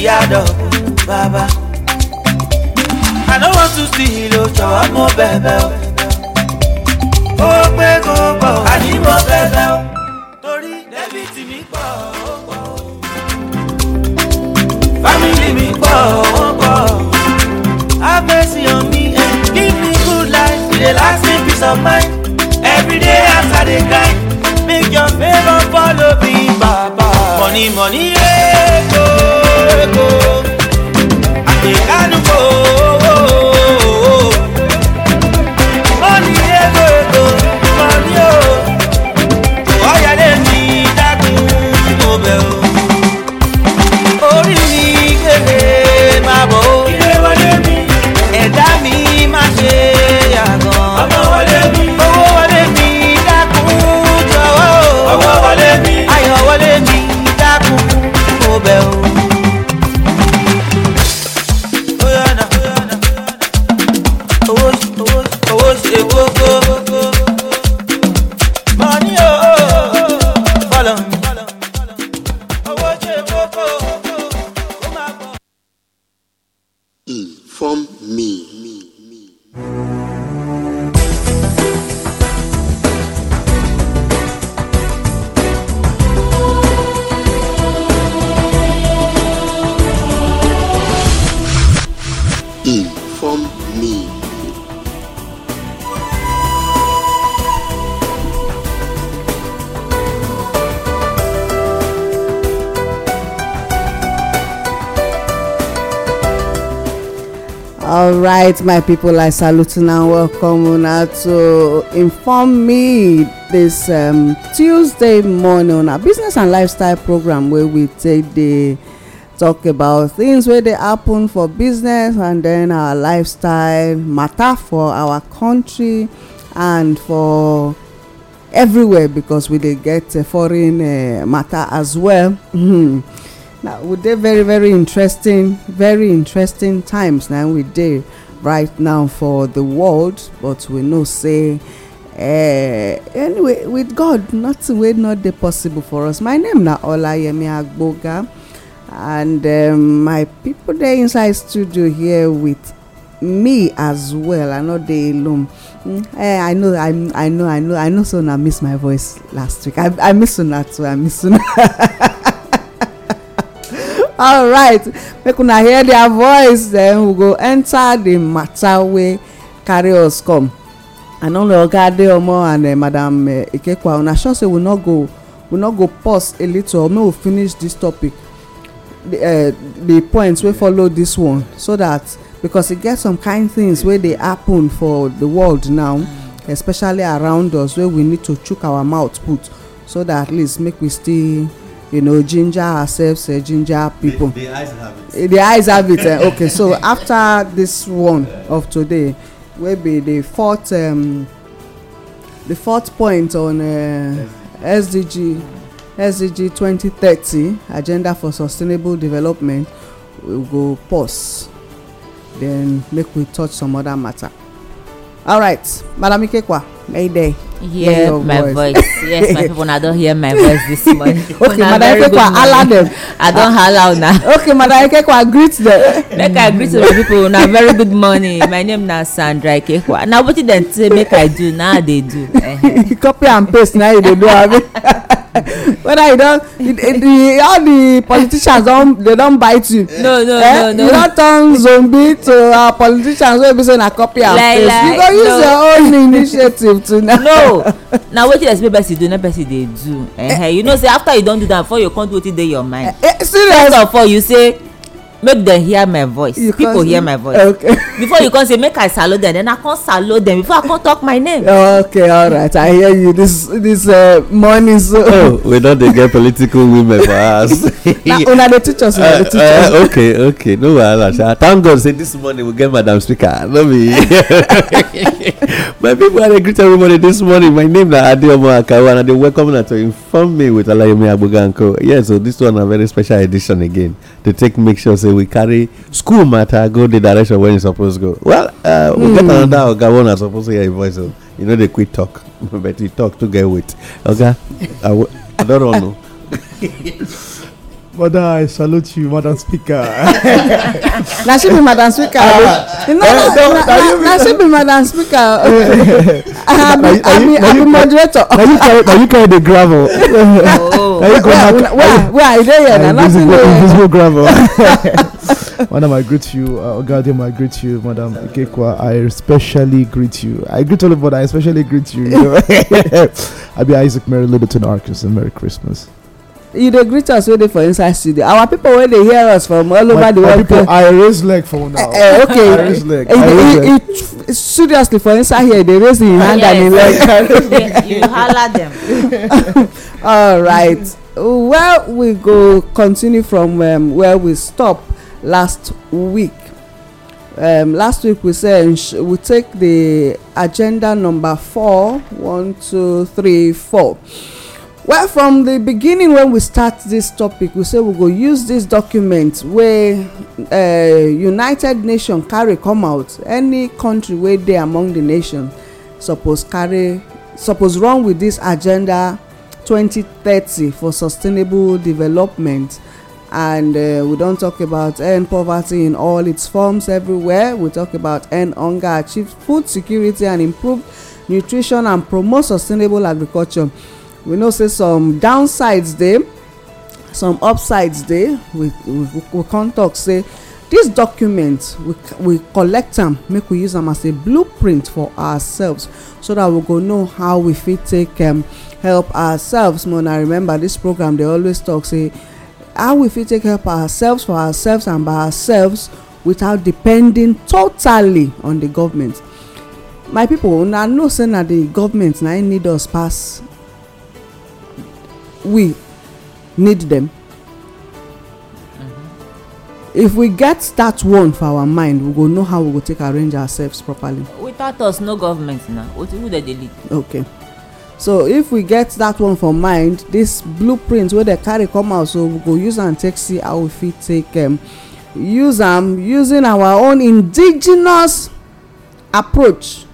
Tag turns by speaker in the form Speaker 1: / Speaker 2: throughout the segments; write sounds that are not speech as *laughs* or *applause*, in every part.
Speaker 1: we add I don't want to see you, I'm more baby. ó pé kó pọ̀ àní mo bẹ̀bẹ̀ o torí dẹ́bìtì mi pọ̀ ó pọ̀ o fámìlì mi pọ̀ ó pọ̀ o abẹ́sí on me and eh, give me good life e dey last me peace of mind everyday as i dey grind make your favour follow me baba. money money yeye eh, oh. I can't go.
Speaker 2: right my people i salute una and welcome una to inform me this um, tuesday morning on our business and lifestyle program where we take the talk about things wey dey happen for business and then our lifestyle matter for our country and for everywhere because we dey get uh, foreign uh, matter as well. Mm -hmm. na we dey very very interesting very interesting times Now we dey right now for the world but we know say uh, anyway with god nothing wey not dey possible for us my name na olayemi agboga and um, my people dey inside studio here with me as well i know dey alone mm, eh, i know I'm, i know i know i know so una miss my voice last week i i miss una too i miss una. *laughs* All right, make una hear their voice then we go enter the matter wey carry us come and only oga adeomo and eh, madam eh, ikekwa una sure say we no go we no go pause a little make we finish this topic the eh, the point wey follow this one so that because e get some kind things wey dey happen for the world now especially around us wey we need to chook our mouth put so that at least make we still you know ginger ourselves uh, ginger people the, the eyes have it the eyes have it uh, okay so after this one of today wey be the fourth um, the fourth point on uh, sdg sdg 2030 agenda for sustainable development we go pause then make we touch some other matter all right madam ikekwa may day hear your my voice, voice. yes my people na don hear my voice this *laughs* morning okay madam ikekwa hala dem
Speaker 3: i don hala una okay madam ikekwa greet dem make i greet my people na very good morning my name na sandra ikekwa na wetin dem say make i do na i dey do *laughs* uh-huh. copy and paste na you dey do abi. *laughs* whether you don the all the politicians don they don bite you. no no eh? no no you don
Speaker 2: turn zombie to our politicians wey be say na copy and paste like, you go use no. your
Speaker 3: own *laughs* initiative to now. no *laughs* na wetin expect person do na person dey do eh, eh, you know say after you don do that before you come do wetin dey your mind. Eh, eh, first of all you say make dem hear my voice people hear my voice okay. *laughs* before you come say make i salute dem then i come salute dem before i come talk my name. okay all right. i hear you this this uh, morning so. oh *laughs* we don
Speaker 4: dey get political women for us. *laughs* na una
Speaker 2: dey teach us una dey teach
Speaker 4: uh, us. Uh, okay okay no wahala sha thank god say this morning we get madam speaker no be. my people i dey greet everybody this morning my name na adeomo akawo and i dey welcome una to inform me with alayemi agboganko yes yeah, so this one na very special edition again to take make sure say we carry school matter go the direction wey e suppose go well uh, we get hmm. another oga wey una suppose hear im voice o you know they quick talk *laughs* but e talk too get weight oga i don't
Speaker 5: know. *laughs* Mother, I salute you, Madam Speaker. *laughs*
Speaker 1: now
Speaker 2: she be Madam Speaker. Uh, no, uh, no, na, na, na, she be Madam Speaker. *laughs*
Speaker 1: I
Speaker 2: be, I be, I be moderator. Now you carry, now you carry the gravel. Oh.
Speaker 1: *laughs* Now you go back.
Speaker 5: Where, where are you there? Now nothing there. Invisible gravel. Madam, I greet you. Uh, Ogadim, I greet you. Madam Ikekwa, I especially greet you. I greet all of you, but I especially greet you. you know? I be Isaac Mary Littleton Arkansas. Merry Christmas.
Speaker 2: you dey greet us wey dey for inside studio our people wey dey hear us from all over the world people i
Speaker 5: raise leg for una uh,
Speaker 2: eh, eh, okay i raise leg eh, i raise leg seriously for inside here dey raise him hand and him leg Yes,
Speaker 3: *laughs* *laughs* you holla
Speaker 1: dem
Speaker 2: *laughs* all right well we go continue from um, where we stop last week um, last week we say we take the agenda number four one two three four well from the beginning when we start this topic we say we go use this document wey uh, united nations carry come out any country wey dey among the nation suppose carry suppose run with this agenda 2030 for sustainable development and uh, we don talk about end poverty in all its forms everywhere we talk about end hunger achieve food security and improve nutrition and promote sustainable agriculture we know say some downsides dey some upsides dey we we come talk say dis document we we collect am make we use am as a blueprint for ourselves so that we go know how we fit take um, help ourselves more na remember this program dey always talk say how we fit take help ourselves for ourselves and by ourselves without depending totally on the government my people, una know say na the government na need us pass we need them mm-hmm. if we get that one for our mind we go know how we go take arrange ourselves properly
Speaker 3: without us no government na who dey dey lead
Speaker 2: okay so if we get that one for mind this blueprint wey dey carry come out so we go use am take see how we fit take um, use am using our own indigenous approach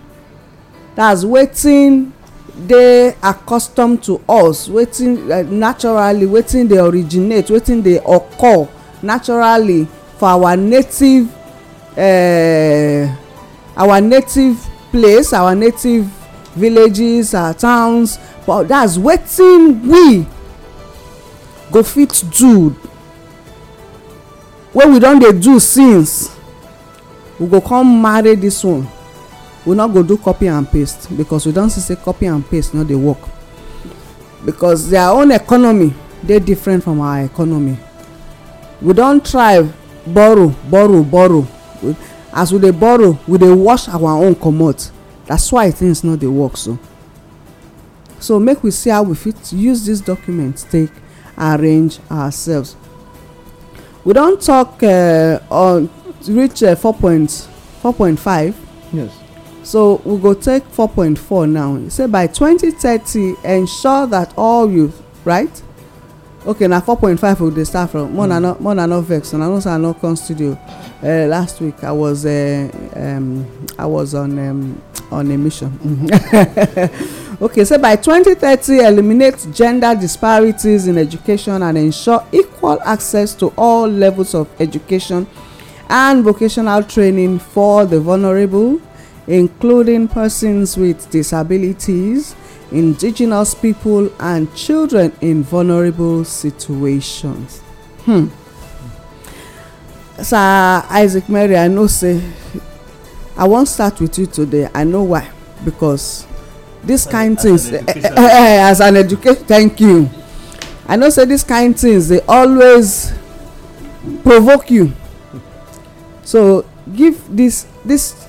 Speaker 2: that's wetin dey accustomed to us wetin eh, naturally wetin dey originate wetin dey occur naturally for our native uh, our native place our native villages our towns but that's wetin we go fit do wey we don dey do since we go come marry this one we no go do copy and paste because we don see say copy and paste no dey work because their own economy dey different from our economy we don try borrow borrow borrow as we dey borrow we dey wash our own comot that's why things no dey work so so make we see how we fit use dis document take arrange ourselves we don talk uh, on reach uh, five. yes so we go take four point four now e say by twenty thirty, ensure that all youth right okay na 4.5 we dey start from more na hmm. no more na no vex una know say i no come studio uh, last week i was uh, um, i was on um, on a mission *laughs* okay say so by twenty thirty, eliminate gender disparities in education and ensure equal access to all levels of education and vocational training for the vulnerable including persons with disabilities, indigenous people, and children in vulnerable situations. Hmm. Sir Isaac Mary, I know say I won't start with you today. I know why because this as kind as things eh, an eh, eh, as an educator thank you i know say this kind things They always provoke you so give this this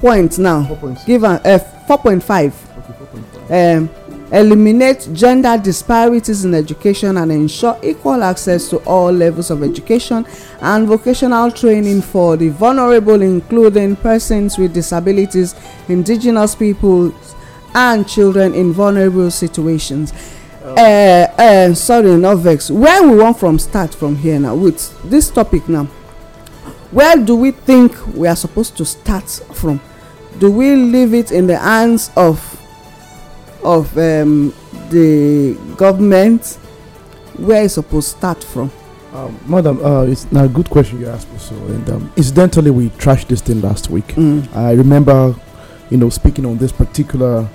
Speaker 2: points now give F uh, eh, 4.5 okay, um, eliminate gender disparities in education and ensure equal access to all levels of education and vocational training for the vulnerable including persons with disabilities indigenous peoples and children in vulnerable situations um, uh, uh, sorry Novex. vex where we want from start from here now with this topic now where do we think we are supposed to start from do we leave it in the hands of of um, the government where it's supposed to start from? Um,
Speaker 5: madam, uh, it's now a good question you asked me. So, and um, incidentally, we trashed this thing last week. Mm. I remember, you know, speaking on this particular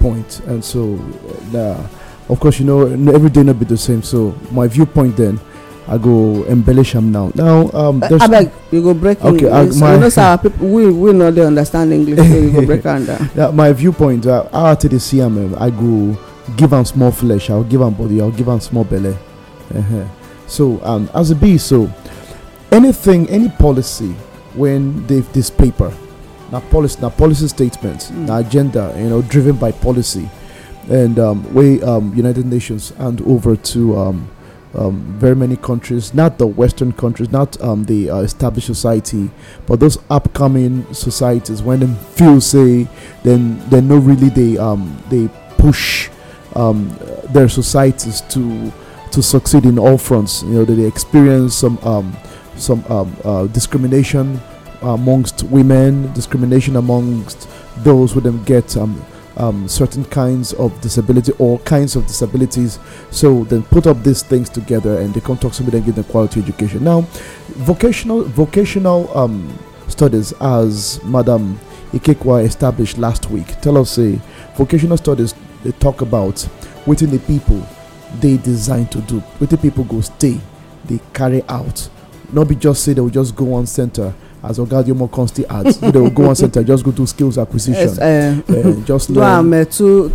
Speaker 5: point, and so, uh, of course, you know, every day not be the same. So, my viewpoint then I go embellish them now. Now, um, I uh, beg you go break. Okay, uh, my, you know,
Speaker 2: sir, people, we we know they understand English, so you go *laughs* break under.
Speaker 5: Yeah, my viewpoint. Uh, after the CMM, I go give them small flesh. I'll give them body. I'll give them small belly. Uh-huh. So, um, as a B, so anything, any policy when they this paper, now policy, now policy statements, mm. now agenda, you know, driven by policy, and um, way um, United Nations and over to um, um, very many countries, not the Western countries, not um, the uh, established society, but those upcoming societies. When they feel say, then they know really they um, they push um, their societies to to succeed in all fronts. You know they experience some um, some um, uh, discrimination amongst women, discrimination amongst those who them get um, um, certain kinds of disability or kinds of disabilities. So then put up these things together and they come talk to me and give them quality education. Now, vocational vocational um, studies, as Madam Ikekwa established last week, tell us a vocational studies they talk about within the people they design to do, within people go stay, they carry out. Not be just say they will just go on center as oga consti adds you know, go one center just go do skills acquisition eh, eh, just *laughs* do am
Speaker 2: eh, two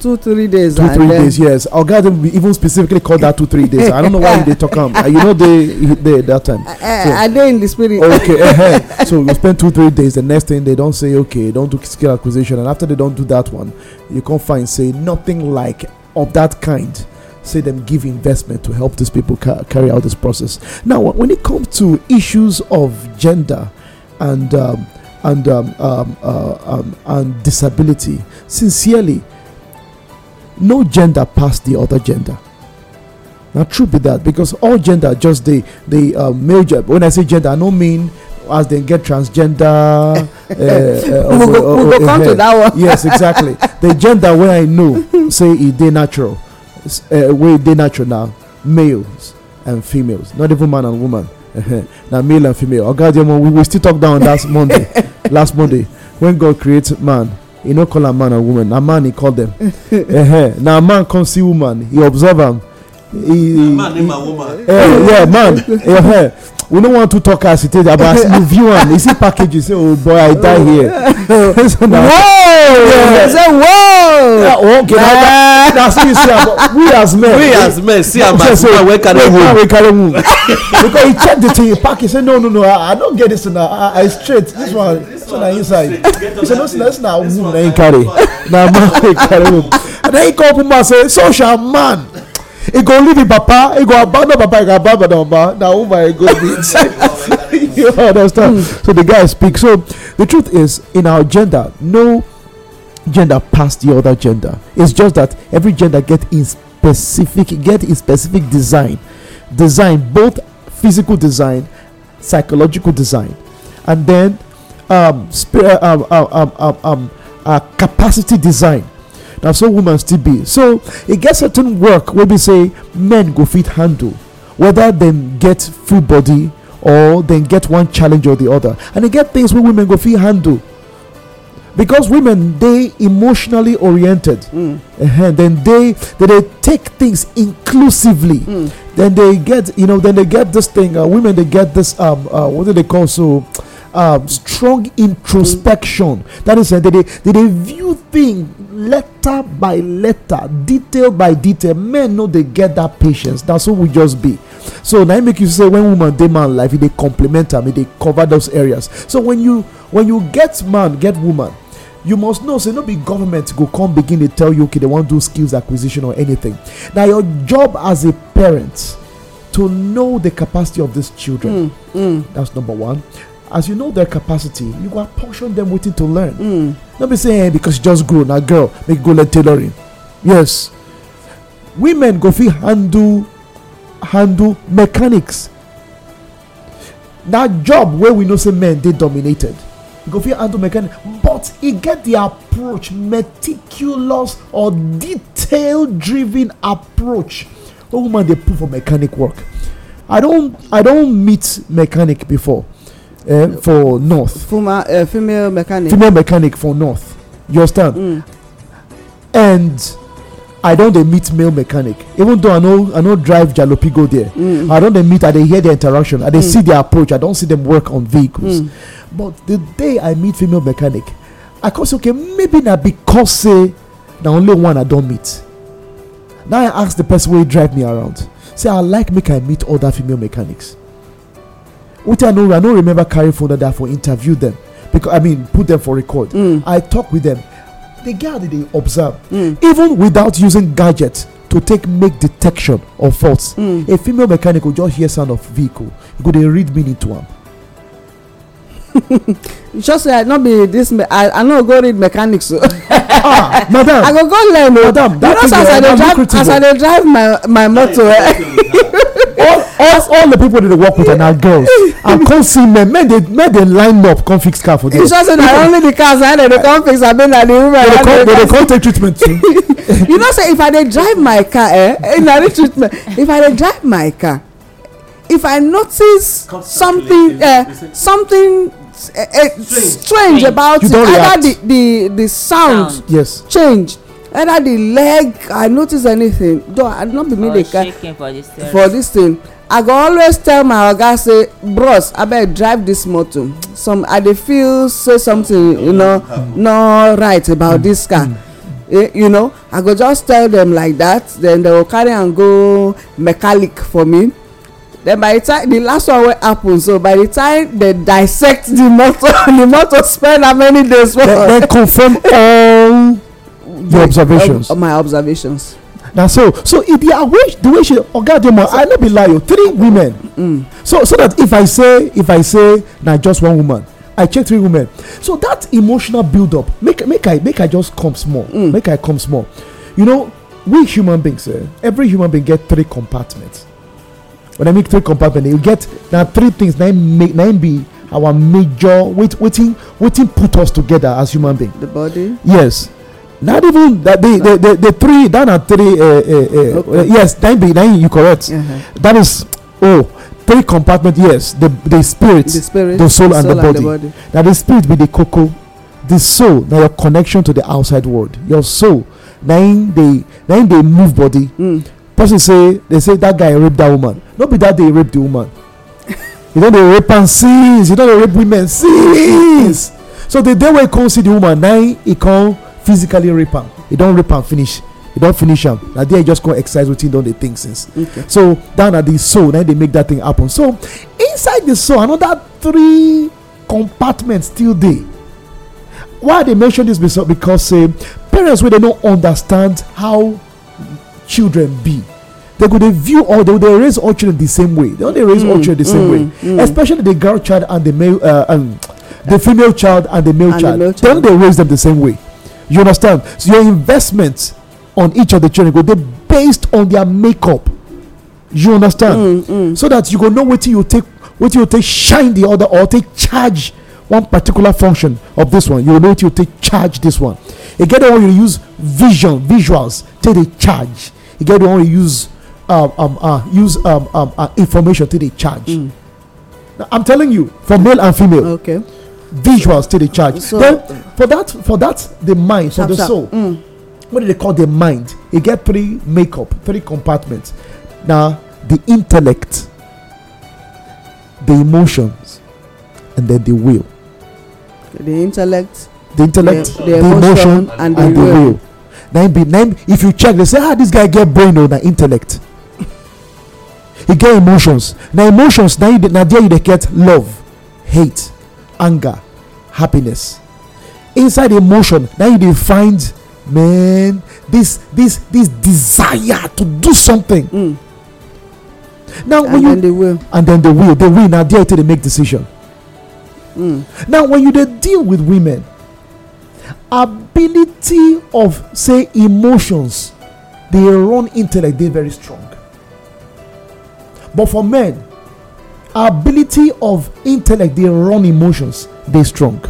Speaker 2: two three days two three days
Speaker 5: yes oga adeomo even specifically call that two three days i don't know why you dey talk am you no dey that time i dey in the spirit okay so you spend two three days the next thing they don say okay don do skill acquisition and after they don do that one you come find say nothing like of that kind say them give investment to help these people ca- carry out this process. Now, when it comes to issues of gender and um, and um, um, uh, um, and disability, sincerely, no gender past the other gender. Now, true be that because all gender, just the the uh, um, male. Gender. When I say gender, I don't mean as they get transgender. *laughs* uh, uh, we'll, go, we'll go come uh, to that one. *laughs* yes, exactly. the gender where I know *laughs* say it they natural uh, wey dey natural males and females not even man and woman na male and female oga jemon we we still talk down last monday *laughs* last monday when god create man he no call am man or woman na man he call dem *laughs* na man come see woman he observe am he he
Speaker 4: man name am woman eh, yeah man
Speaker 5: *laughs* we no want to talk as it is about as you view am you see package you say oh boy i die here. *laughs* *laughs* so na, whoa yeah. say
Speaker 2: whoa. Yeah, okay nah. na na so you see but we
Speaker 5: as men. we
Speaker 4: as men see am as man wey carry move? man wey carry
Speaker 5: move? *laughs* because he checked the thing he pack he say no no no i, I don get this now. i i straight this one this one na inside he said no sir this na wound na him carry Now man carry wound and then he come open mouth say social man. He go leave the papa. He go abandon papa. He go abandon mama. Now who my go meet? you understand? Mm. So the guy speaks. So the truth is, in our gender, no gender pass the other gender. It's just that every gender get in specific, get in specific design, design both physical design, psychological design, and then um, um, um, um, um, um, uh, capacity design. Now so women still be so e get certain work wey be say men go fit handle whether dem get full body or dem get one challenge or the other and e get things wey women go fit handle because women dey emotionally oriented mm. -huh. they they dey take things inclusively mm. then they get you know then they get this thing uh, women dey get this um uh, what do they call so um, strong introspection. That is, uh, they, they, they view things letter by letter, detail by detail. Men know they get that patience. That's what we just be. So now make you say when woman they man life, they complement them, they cover those areas. So when you when you get man, get woman, you must know say no be government go come begin to tell you okay they won't do skills acquisition or anything. Now your job as a parent to know the capacity of these children. Mm, mm. That's number one as you know their capacity you go portion them waiting to learn mm. no be saying hey, because you just grown a girl make go learn tailoring yes women go fit handle handle mechanics That job where we know say men they dominated go fit handle mechanics but he get the approach meticulous or detail driven approach wey woman they put for mechanic work i don't i don't meet mechanic before uh, for north.
Speaker 2: Fuma, uh, female mechanic. Female
Speaker 5: mechanic for north. You understand? Mm. And I don't meet male mechanic even though I know I know drive jalopy go there. Mm. I don't meet I they hear the interaction I they mm. see the approach I don't see them work on vehicles. Mm. But the day I meet female mechanic I cause okay maybe not because say the only one I don't meet. Now I ask the person he drive me around say I like make I meet other female mechanics. Uta Nura, I don't remember carrying phone that for interview them because I mean put them for record. Mm. I talk with them. The girl that they observe, mm. even without using gadgets to take make detection of faults. Mm. A female mechanic will just hear sound of vehicle, you could read meaning to them?
Speaker 2: just say i no be this i i no go read mechanics o ah madam *laughs* i go go learn o oh. madam that thing dey as i oh. dey drive my
Speaker 5: my motor eh. *laughs* all all all the people dey work with are now girls and *laughs* come see men men dey men dey line up come fix car for them. you sure say na only
Speaker 2: the cars na dem dey come fix abi na the women na dem dey
Speaker 5: come take treatment too.
Speaker 2: you know say if i dey drive my car eh, eh na the treatment if i dey drive my car if i notice something uh, something Eh, eh, strange, strange about it either the the the sound yes change either the leg i notice anything though i no be me dey care for this thing i go always tell my oga say bros abeg drive this motor some i dey feel say something you know no right about mm. this car mm. eh, you know i go just tell them like that then they go carry am go mechanic for me then by the time the last one wey happen so by the time they dissect the motor *laughs* the motor spend how many days for dem confirm *laughs*
Speaker 5: all
Speaker 2: your observations all my observations
Speaker 5: na so so e dey arrange the way she oga adeomo i no be lie o three women mm. so so that if i say if i say na just one woman i check three women so that emotional build up make make i make i just come small mm. make i come small you know we human beings eh every human being get three compartments when I make three compartment, you get now three things. Nine make nine be our major wait waiting waiting put us together as human being. The body. Yes. Not even that the the, the, the three that are three uh, uh, okay. uh, yes nine be nine you correct. Uh-huh. That is oh three compartment yes the the spirit the, spirit, the soul, the and, the and, the body. Now the spirit be the cocoa, the soul now your connection to the outside world. Your soul nine they nine they move body. Mm person say they say that guy rape that woman no be that day rape the woman you don dey rape am since you don dey rape women since so the day wey come see the woman na he come physically rape am He don rape am finish He don finish am na there he just come exercise wetin don dey think since so that na the soul na dey make that thing happen so inside the soul another three compartments still dey why i dey mention this because say parents wey dey no understand how children be they could view all they, they raise all children the same way they only raise mm, all children the same mm, way mm. especially the girl child and the male uh, um, the female child and the male and child then they raise them the same way you understand so your investments on each of the children go they based on their makeup you understand mm, mm. so that you go know what you take what you take shine the other or take charge one particular function of this one you know it you take charge this one you get the one you use vision visuals take the charge you get the one you use um, um, uh, use um, um, uh, information to the charge. Mm. Now, I'm telling you, for male and female. Okay. Visuals to the charge. So, then uh, for that, for that, the mind, for the soul. Mm. What do they call the mind? You get three makeup, three compartments. Now the intellect, the emotions, and then the will.
Speaker 2: The intellect. The intellect, the, the, the emotion, and, and the, will.
Speaker 5: will. then. if you check, they say, ah, this guy get brain or oh, the intellect. e get emotions na emotions na there you dey get love hate anger happiness inside emotion na you dey find man this this this desire to do something mm. now when you and then will and then the will the will na there to dey make decision mm. now when you dey deal with women ability of say emotions dey run intellect dey very strong But for men, ability of intellect, they run emotions, they strong.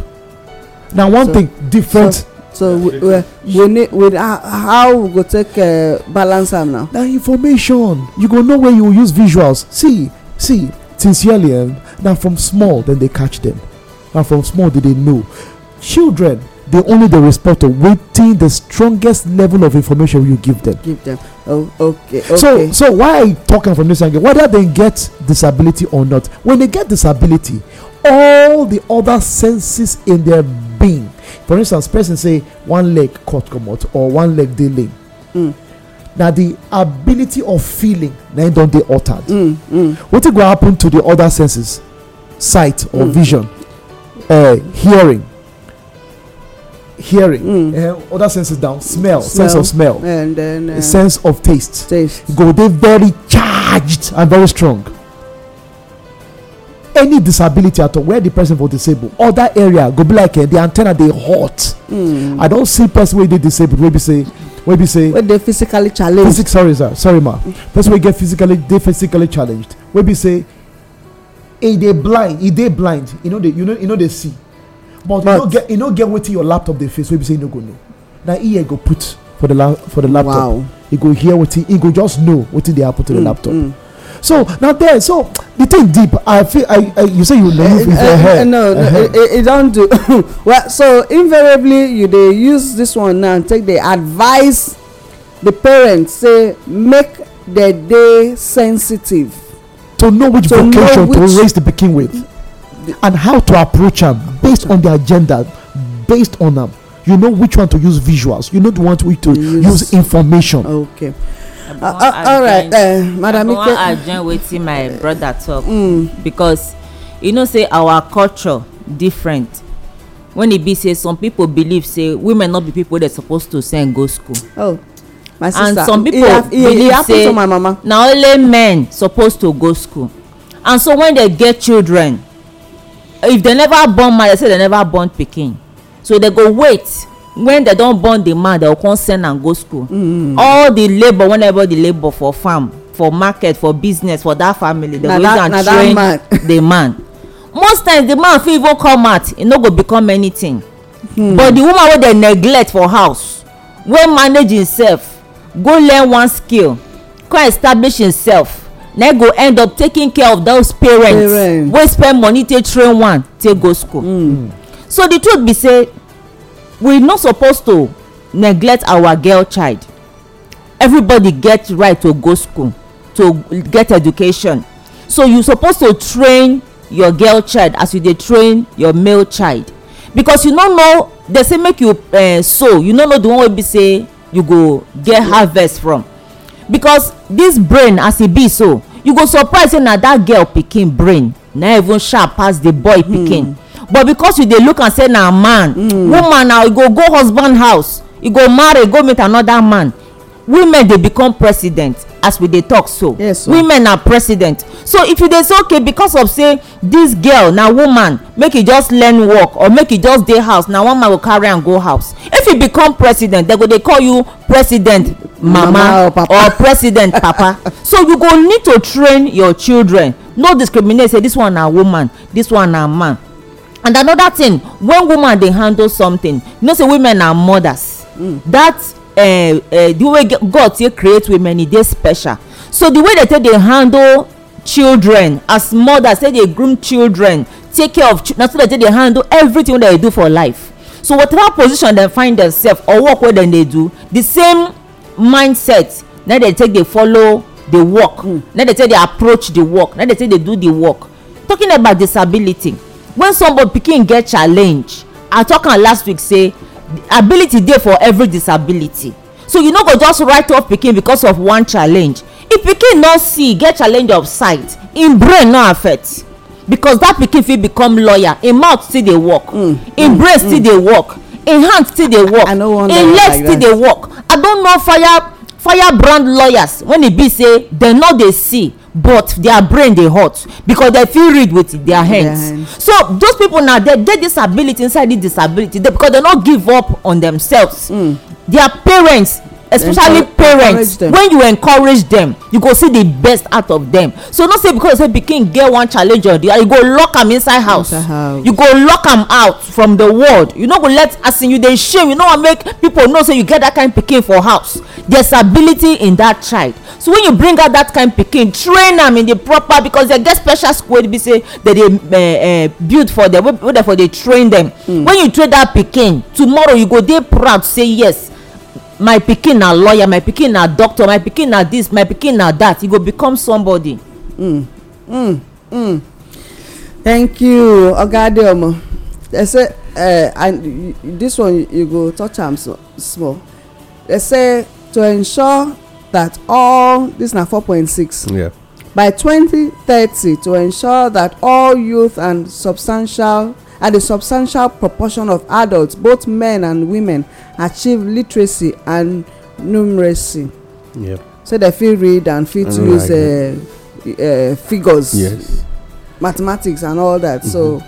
Speaker 5: Now, one so, thing different. So, so we,
Speaker 2: we, need with uh, how we go take uh, balance am now.
Speaker 5: na information you go know where you use visuals see see sincerely eh? now from small then they catch them. Now from small did they know children they only the respond to within the strongest level of information you give them.
Speaker 2: give them oh okay okay. so so
Speaker 5: why are you talking from this angle whether they get disability or not when they get disability all the other senses in their being for instance person say one leg cut or one leg dey lame. Mm. the ability of feeling then don't they altered. Mm, mm. to happen to the other senses sight or mm. vision uh, hearing hearing, mm. uh, other senses down, smell, smell, sense of smell, and then uh, sense of taste. Taste go they very charged and very strong. Any disability at all, where the person for disabled, other area go be like uh, the antenna they hot. Mm. I don't see person where they disabled. Maybe say, maybe say, when they
Speaker 2: physically challenged. Physic,
Speaker 5: sorry, sir, sorry, ma. Mm. Person we get physically, they physically challenged. Maybe say, a eh, they blind, a they blind. You know they, you know, you know they see but, you no get you no get wetin your laptop dey face wey be say you no go know na ear go put for the la for the laptop wow. you go hear wetin you go just know wetin dey happen to mm, the laptop. Mm. so now there so the thing deep i feel i, I you say you eh, remove uh, with uh, your hair. Eh, no no uh -huh. it, it don do *laughs* well so invariably you dey use
Speaker 2: this one now take dey advise the parents say make dem dey sensitive.
Speaker 5: to know which vocation know to raise the pikin with and how to approach them based on the agenda based on them, um, you know which one to use visuals you know the one to, to use, use information. okay
Speaker 3: uh, uh, all right uh, madam I want to join wetin my brother talk. Mm. because you know say our culture different when e be say some people believe say women no be people dey supposed to send go school. oh my sister and some people it, believe it say na only men supposed to go school and so when they get children if they never born man they say they never born pikin so they go wait when they don born the man they go come send am go school mm. all the labour when everybody labour for farm for market for business for that family dem go use am train man. *laughs* the man most times the man fit even come out e no go become anything hmm. but the woman wey dey neglect for house wey manage himself go learn one skill come establish himself na e go end up taking care of those parents parents wey spend money take train one take go school mm. Mm. so the truth be say we no suppose to neglect our girl child everybody get right to go school to get education so you suppose to train your girl child as you dey train your male child because you no know they say make you eh, sow you no know the one wey be say you go get harvest from because this brain as e be so you go surprise say na that girl pikin brain na e even sharp pass the boy hmm. pikin but because you dey look am say na man hmm. woman na e go go husband house e go marry go meet another man women dey become president as we dey talk so women na president so if you dey say okay because of say this girl na woman make e just learn work or make e just dey house na one man go carry am go house if you e become president dem go dey call you president mama, mama or, papa. or president *laughs* papa so you go need to train your children no discriminate say this one na woman this one na man and another thing when woman dey handle something you know say women na mothers mm. that uh, uh, the way god take create women e dey special so the way they take dey handle children as mothers say dey groom children take care of children. na so they take dey handle everything wey they do for life so whatever position dem find themselves or work wey dem dey do the same mindset na dem take dey follow the work mm. na dem take dey approach the work na dem take dey do the work talking about disability when somebody pikin get challenge i talk am last week say ability dey for every disability so you no go just write off pikin because of one challenge if pikin no see e get challenge of sight im brain no affect because that pikin fit become lawyer im mouth still dey work hmm. im mm, mm, brain mm. still dey work im hand still dey work im leg like still dey work i don know fire fire brand lawyers when e be say dem no dey see but their brain dey hot because dem fit read with their hands yeah. so those people na dey get disability inside this disability dey because dem no give up on themselves mm. their parents especially parents when you encourage them, you go see the best out of them. so no say because say pikin get one challenge or the other you go lock am inside house you go lock am out from the world you no go let as in you dey shame you no wan make people know say you get that kind pikin for house there's ability in that child so when you bring out that kind pikin train am in the proper because they get special school wey be say dem dey eh, eh, build for them. wey dem dey train dem hmm. when you train that pikin tomorrow you go dey proud say yes my pikin na lawyer my pikin na doctor my pikin na this my pikin na that you go become somebody. Mm. Mm. Mm. thank you
Speaker 2: oga adeomo they say uh, and this one you go touch am so, small they say to ensure that all this na four point six. Yeah. by 2030 to ensure that all youth and substantial and a substantial proportion of adults both men and women achieve literacy and numeracy yep. so they fit read and fit and mm, use uh, uh, figures yes. mathematics and all that mm -hmm. so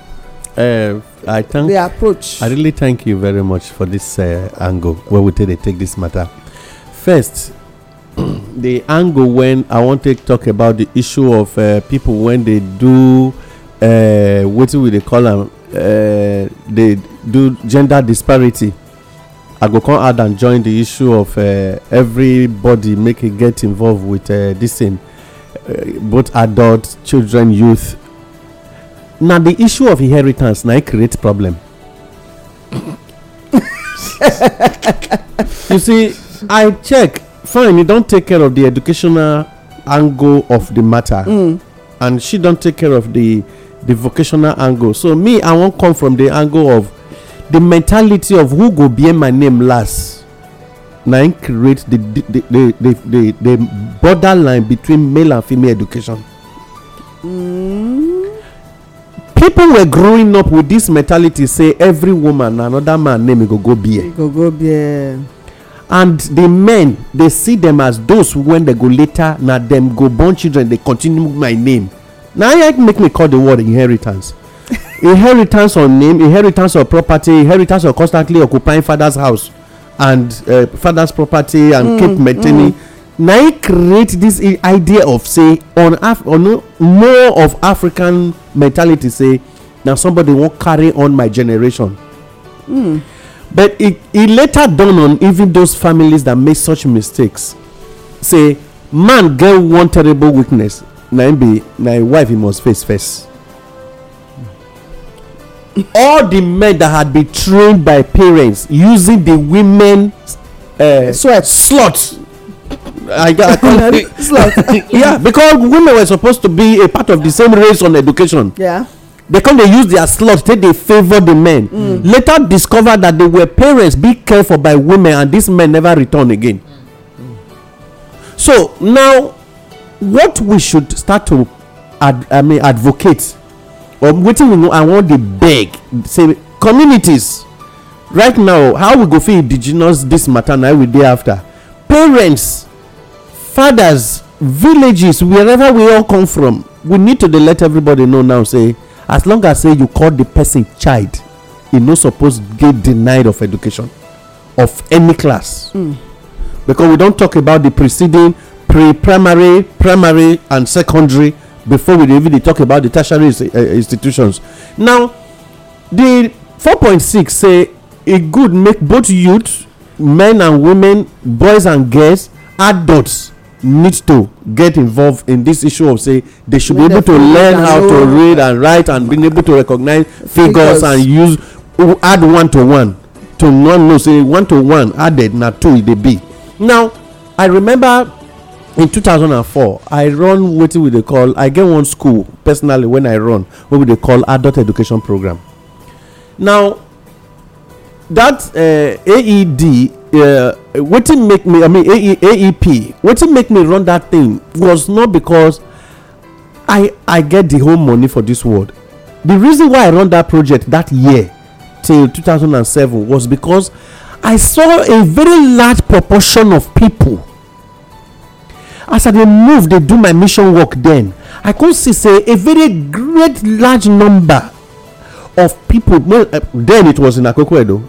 Speaker 4: mm-hmm. uh, I thank the approach. I really thank you very much for this uh, angle where we take, this matter. First, *clears throat* the angle when I want to talk about the issue of uh, people when they do uh, what do column. call them They do gender disparity i go come add and join the issue of uh, everybody make e get involved with uh, this thing uh, both adults, children youth na the issue of inheritance na e create problem
Speaker 1: *laughs*
Speaker 4: you see i check fine you don take care of the educational angle of the matter mm. and she don take care of the the vocational angle so me i wan come from the angle of the mentality of who go bear my name last na im create the the the the the the line between male and female education.
Speaker 1: Mm.
Speaker 4: people were growing up with this mentality say every woman na another man name e go go bear. go go bear. and the men dey see them as those when they go later na them go born children dey continue my name. Now i make me call the word inheritance *laughs* inheritance on name inheritance on property inheritance on constantly occupying father's house and uh, father's property and mm, keep mm. maintaining Now e create this idea of say on on more of african mentality say now somebody won't carry on my generation mm. but it later dawn on even those families that make such mistakes say man get one terrible weakness na him be na him wife he must face first all the men that had been trained by parents using the women uh, sweat slot I, I call *laughs* slot *laughs* yeah because women were supposed to be a part of the same race on education yeah they come dey use their slot They they favor the men mm. later discover that they were parents Be cared for by women and these men never return again mm. so now what we should start to ad, i mean advocate or wetin we know i wan dey beg say communities right now how we go fit indigenous This matter na we dey after parents fathers villages wherever we all come from we need to dey let everybody know now say as long as say you call the person child e no suppose get denied of education of any class mm. because we don talk about the preceding pre-primary primary and secondary before we even dey talk about the tertiary eh, institutions now the four point six say e good make both youth men and women boys and girls adults need to get involved in this issue of say they should be able to learn how to read and write and being able to recognize figures and use add one to one to not know say one to one added na two e dey be now i remember in 2004 i run wetin we dey call i get one school personally when i run wey we dey call adult education program now that uh, aed uh, wetin make me i mean aep e wetin make me run that thing was not because i i get the whole money for this world the reason why i run that project that year till 2007 was because i saw a very large proportion of people as i dey move dey do my mission work Then i come see say a very great large number of people. pipo uh, then it was in akokoedo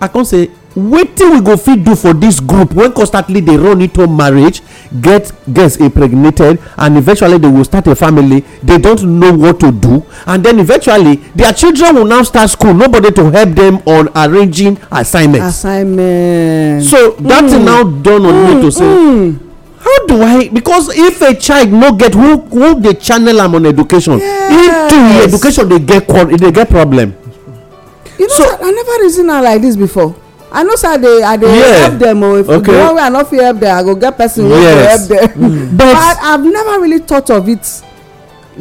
Speaker 4: i come say wetin we go fit do for this group wey constantly dey run into marriage get gets impregnated and eventually they will start a family they don't know what to do and then eventually their children will now start school nobody to help them on arranging assignments
Speaker 2: assignment
Speaker 4: so that mm. now don on me to say mm, mm how do i because if a child no get who who dey channel am on education yes. into education dey get con, dey get problem.
Speaker 2: you know so, i never reason am like this before i know say i dey i dey yeah. help dem o if okay. the one way i no fit help dem i go get person wey yes. go help dem mm. *laughs* but i have never really thought of it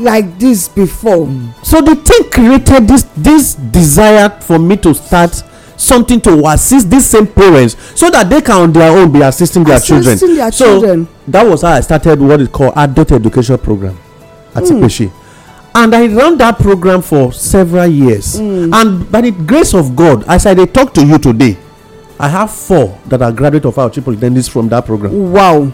Speaker 2: like this before. Mm.
Speaker 4: so the thing created this this desire for me to start something to assist these same parents so that they can on their own be assisting their assisting children their so children. that was how i started what is called adult education program at mm. and i ran that program for several years mm. and by the grace of god as i dey talk to you today i have four that are graduate of our triple dentist from that program wow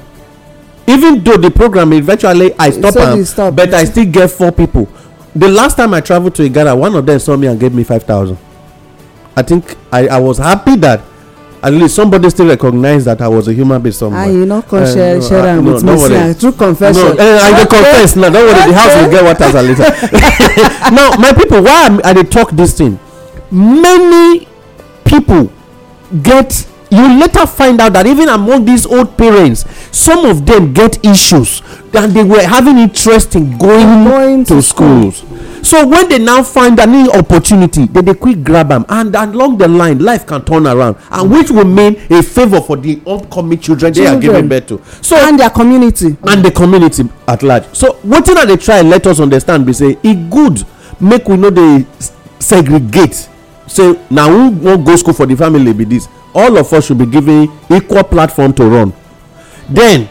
Speaker 4: even though the program eventually i stop am but i still get four people the last time i travel to igara one of them saw me and gave me five thousand I think I, I was happy that at least somebody still recognized that I was a human being somewhere. Ah, you know, uh, eh, share, share uh, no, with no, me. True
Speaker 2: confession. No, uh, I
Speaker 4: okay. confess now. Don't worry, the house will get water later. *laughs* now, my people, why I, I talk this thing? Many people get you later find out that even among these old parents some of them get issues and they were having interest in going, going to, to schools so when they now find any opportunity they dey quick grab am and along the line life can turn around and which will mean a favour for the upcoming children, children they are giving birth to. so and their community. and the community at large so wetin i dey try let us understand be say e good make we no dey segregate say na who wan go school for the family be this all of us should be given equal platform to run then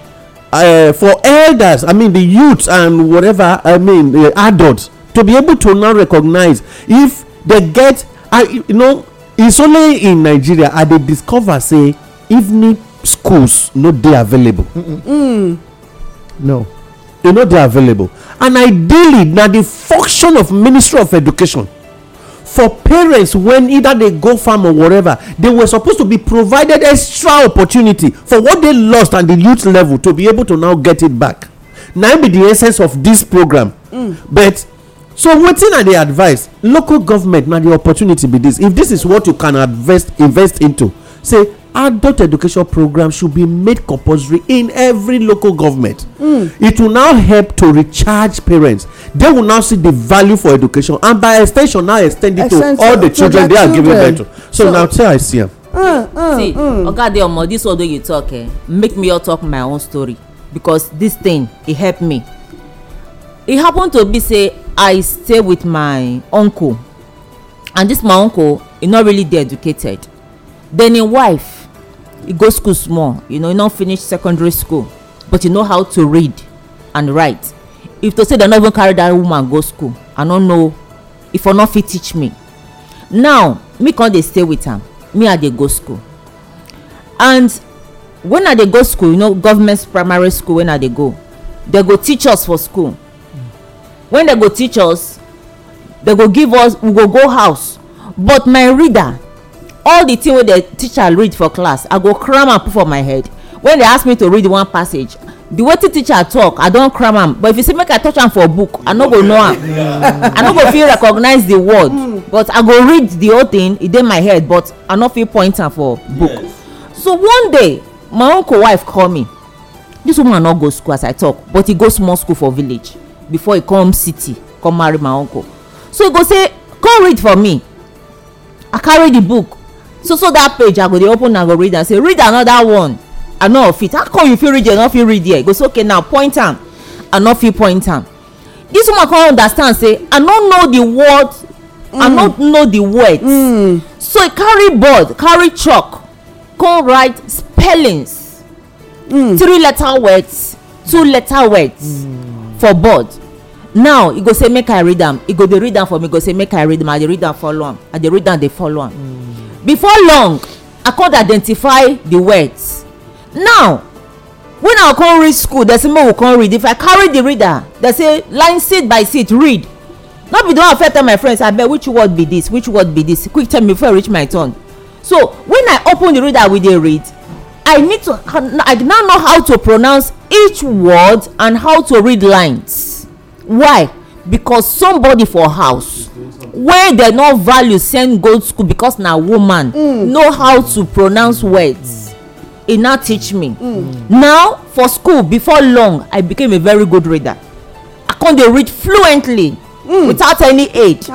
Speaker 4: uh, for elders i mean the youths and whatever i mean uh, adults to be able to now recognize if they get i you know it's only in nigeria i they discover say evening schools no they available. Mm no e no they available and ideally now the function of ministry of education for parents when either they go farm or whatever they were supposed to be provided extra opportunity for what they lost at the youth level to be able to now get it back na be the essence of this program mm. but so wetin i dey advise local government na the opportunity be this if this is what you can invest invest into say adult education program should be made compulsory in every local government. Mm. It will now help to recharge parents. They will now see the value for education and by extension now extend it to all the children they are children. giving birth to. So, so now tell I see am.
Speaker 3: Uh, uh, see mm. oga dey omo this one wey you talk eh make me all talk my own story because this thing e help me. E happen to be say I stay with my uncle and this my uncle e no really dey educated then im wife e go school small you know You no finish secondary school but you know how to read and write if to say they no even carry that woman go school i no know if for no fit teach me now me come dey stay with am me i dey go school and when i dey go school you know government primary school when i dey go They go teach us for school when they go teach us they go give us we go go house but my reader all the thing wey the teacher read for class i go cram am put for my head when they ask me to read one passage the way the teacher talk i don cram am but if you say make i touch am for book i no go know am i no go fit recognize the word hmm. but i go read the whole thing e dey my head but i no fit point am for book yes. so one day my uncle wife call me this woman no go school as i talk but he go small school for village before he come city come marry my uncle so he go say come read for me i carry the book so so that page i go dey open and go read am say read another one i no fit how come you fit read there no fit read there go say okay now point am i no fit point am this woman come understand say i no know the word mm. i no know the words mm. so e carry board carry chalk come write spellings mm. three letter words two letter words mm. for board now e go say make i read am e go dey read am for me e go say make i read am i dey read am follow am i dey read am dey follow am. Mm before long i come identify the words now when i come read school dem say make we come read if i carry the reader they say line seat by seat read no be the one i first tell my friends abeg which word be this which word be this quick tell me before i reach my turn so when i open the reader we dey read i need to i now know how to pronounce each word and how to read lines why because somebody for house wey dem no value send go school because na woman mm. know how to pronounce words e now teach me mm. now for school before long i became a very good reader i con dey read fluently mm. without any aid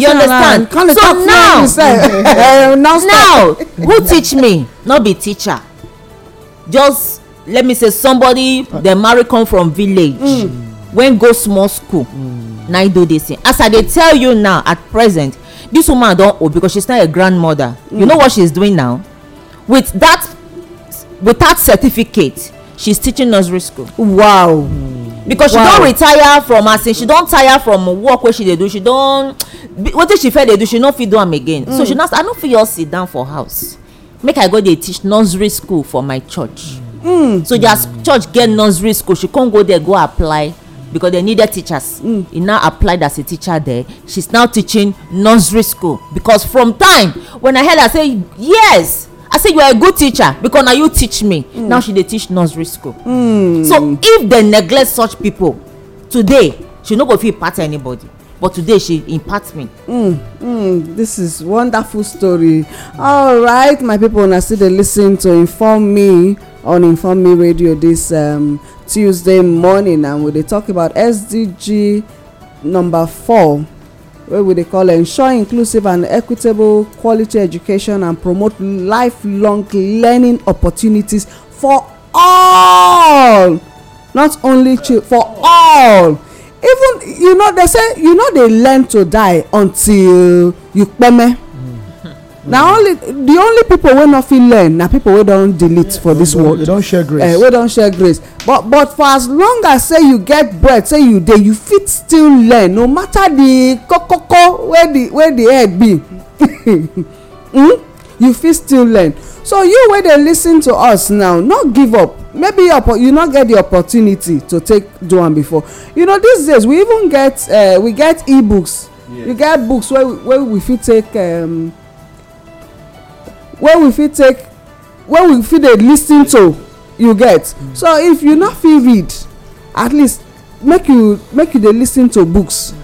Speaker 1: you understand so now
Speaker 3: *laughs* now who teach me no be teacher just let me say somebody dem marry come from village wen go small school na e do this thing as i dey tell you now at present this woman don old because she's is now a grandmother mm. you know what she's doing now with that with that certificate she's teaching nursery school. wow. because she wow. don retire from her, in she don tire from work wey she dey do she don wetin she fit dey do she no fit do am again. Mm. so she now say i no fit just sit down for house make i go dey teach nursery school for my church. Mm. so their mm. church get nursery school she come go there go apply because they needed teachers mm. he now applied as a teacher there she's now teaching nursery school because from time when i heard her say yes i say you are a good teacher because na you teach me mm. now she dey teach nursery school. Mm. so if dem neglect such people today she no go fit part anybody but today she impart me.
Speaker 2: Mm, mm, this is wonderful story all right my people una still dey lis ten to inform me on inform me radio this um, tuesday morning and we dey talk about sdg number four where we dey call ensure inclusive and equitable quality education and promote lifelong learning opportunities for all not only for all even you know they say you know they learn to die until you permit na mm. only the only people wey no fit learn na people wey don delete for this world wey don share grace eh, share grace. but but for as long as say you get breath say you dey you fit still learn no matter the kokoko wey the the head be *laughs* hmm, you fit still learn so you wey dey listen to us now no give up maybe you no get the opportunity to take do am before you know these days we even get eh, we get ebooks You get books wey we fit take um, wey we fit take wey we fit dey lis ten to you get mm. so if you no fit read at least make you make you dey lis ten to books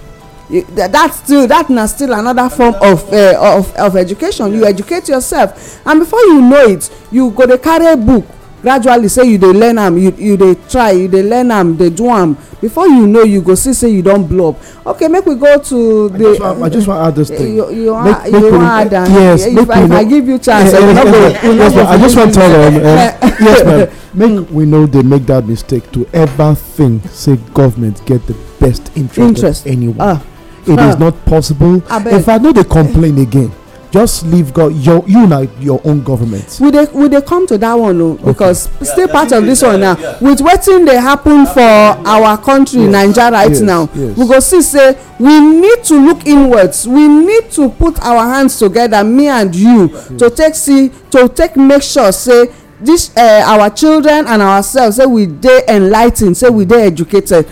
Speaker 2: that still that na still another form of eh, of of education you educate yourself and before you know it you go dey carry book gradually say you dey learn am you you dey try you dey learn am dey do am before you know you go see say you don blow up okay make we go to the i
Speaker 5: just wan add this thing you you wan add am yes if i give you chance eh, eh, i no go yes i just wan tell um, yes ma'am *laughs* make we no dey make that mistake to ever think say government get the best interest of anyone ah. it is ah. not possible if i no dey complain again just leave god your you na your own government. we
Speaker 2: they we they come to that one o oh, because still part of dis one now with what thing they happen for our country naija right now we go see say we need to look inwards we need to put our hands together me and you to take see to take make sure say this eh, our children and ourselves say we dey enlightened say we dey educated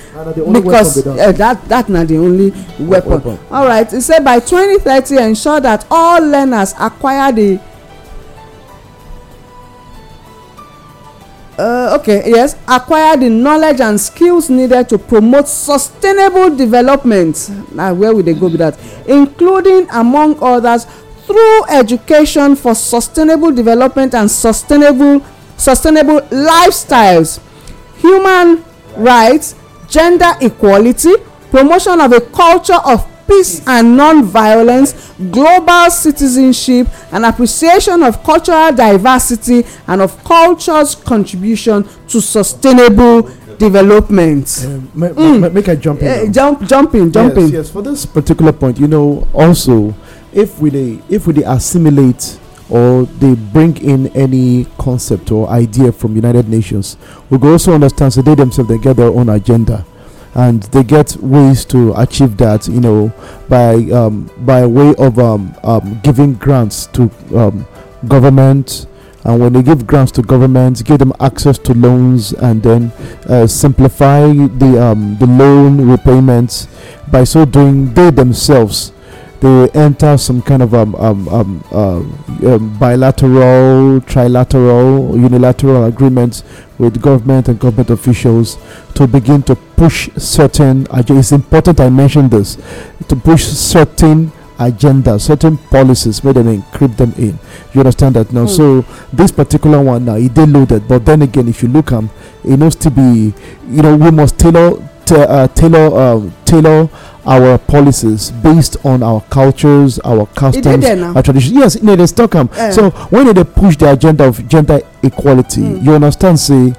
Speaker 2: because eh, that that na the only weapon All right. e say by 2030 ensure that all learners acquire the uh, okay yes acquire the knowledge and skills needed to promote sustainable development na where we dey go be that including among others through education for sustainable development and sustainable sustainable lifestyles human rights gender equality promotion of a culture of peace and non-violence global citizenship and appreciation of cultural diversity and of culture's contribution to sustainable development.
Speaker 5: Um, mm. make I jump in. Uh, jump, jump in, jump yes, in. Yes, for this particular point, you know, also if we they if we they assimilate or they bring in any concept or idea from United Nations, we can also understand so they themselves they get their own agenda and they get ways to achieve that you know by um, by way of um, um, giving grants to um, government and when they give grants to governments give them access to loans and then uh, simplify the um, the loan repayments by so doing they themselves they enter some kind of um, um, um, uh, um, bilateral, trilateral, unilateral agreements with government and government officials to begin to push certain. It's important I mention this to push certain agenda, certain policies, where they encrypt them in. You understand that now? Mm. So this particular one now, it they loaded, but then again, if you look um, it needs to be, you know, we must tailor uh, tailor uh, tailor our policies based on our cultures, our customs, our traditions. Yes, in know, Stockholm. Uh. Eh. So when they push the agenda of gender equality, mm. you understand, See,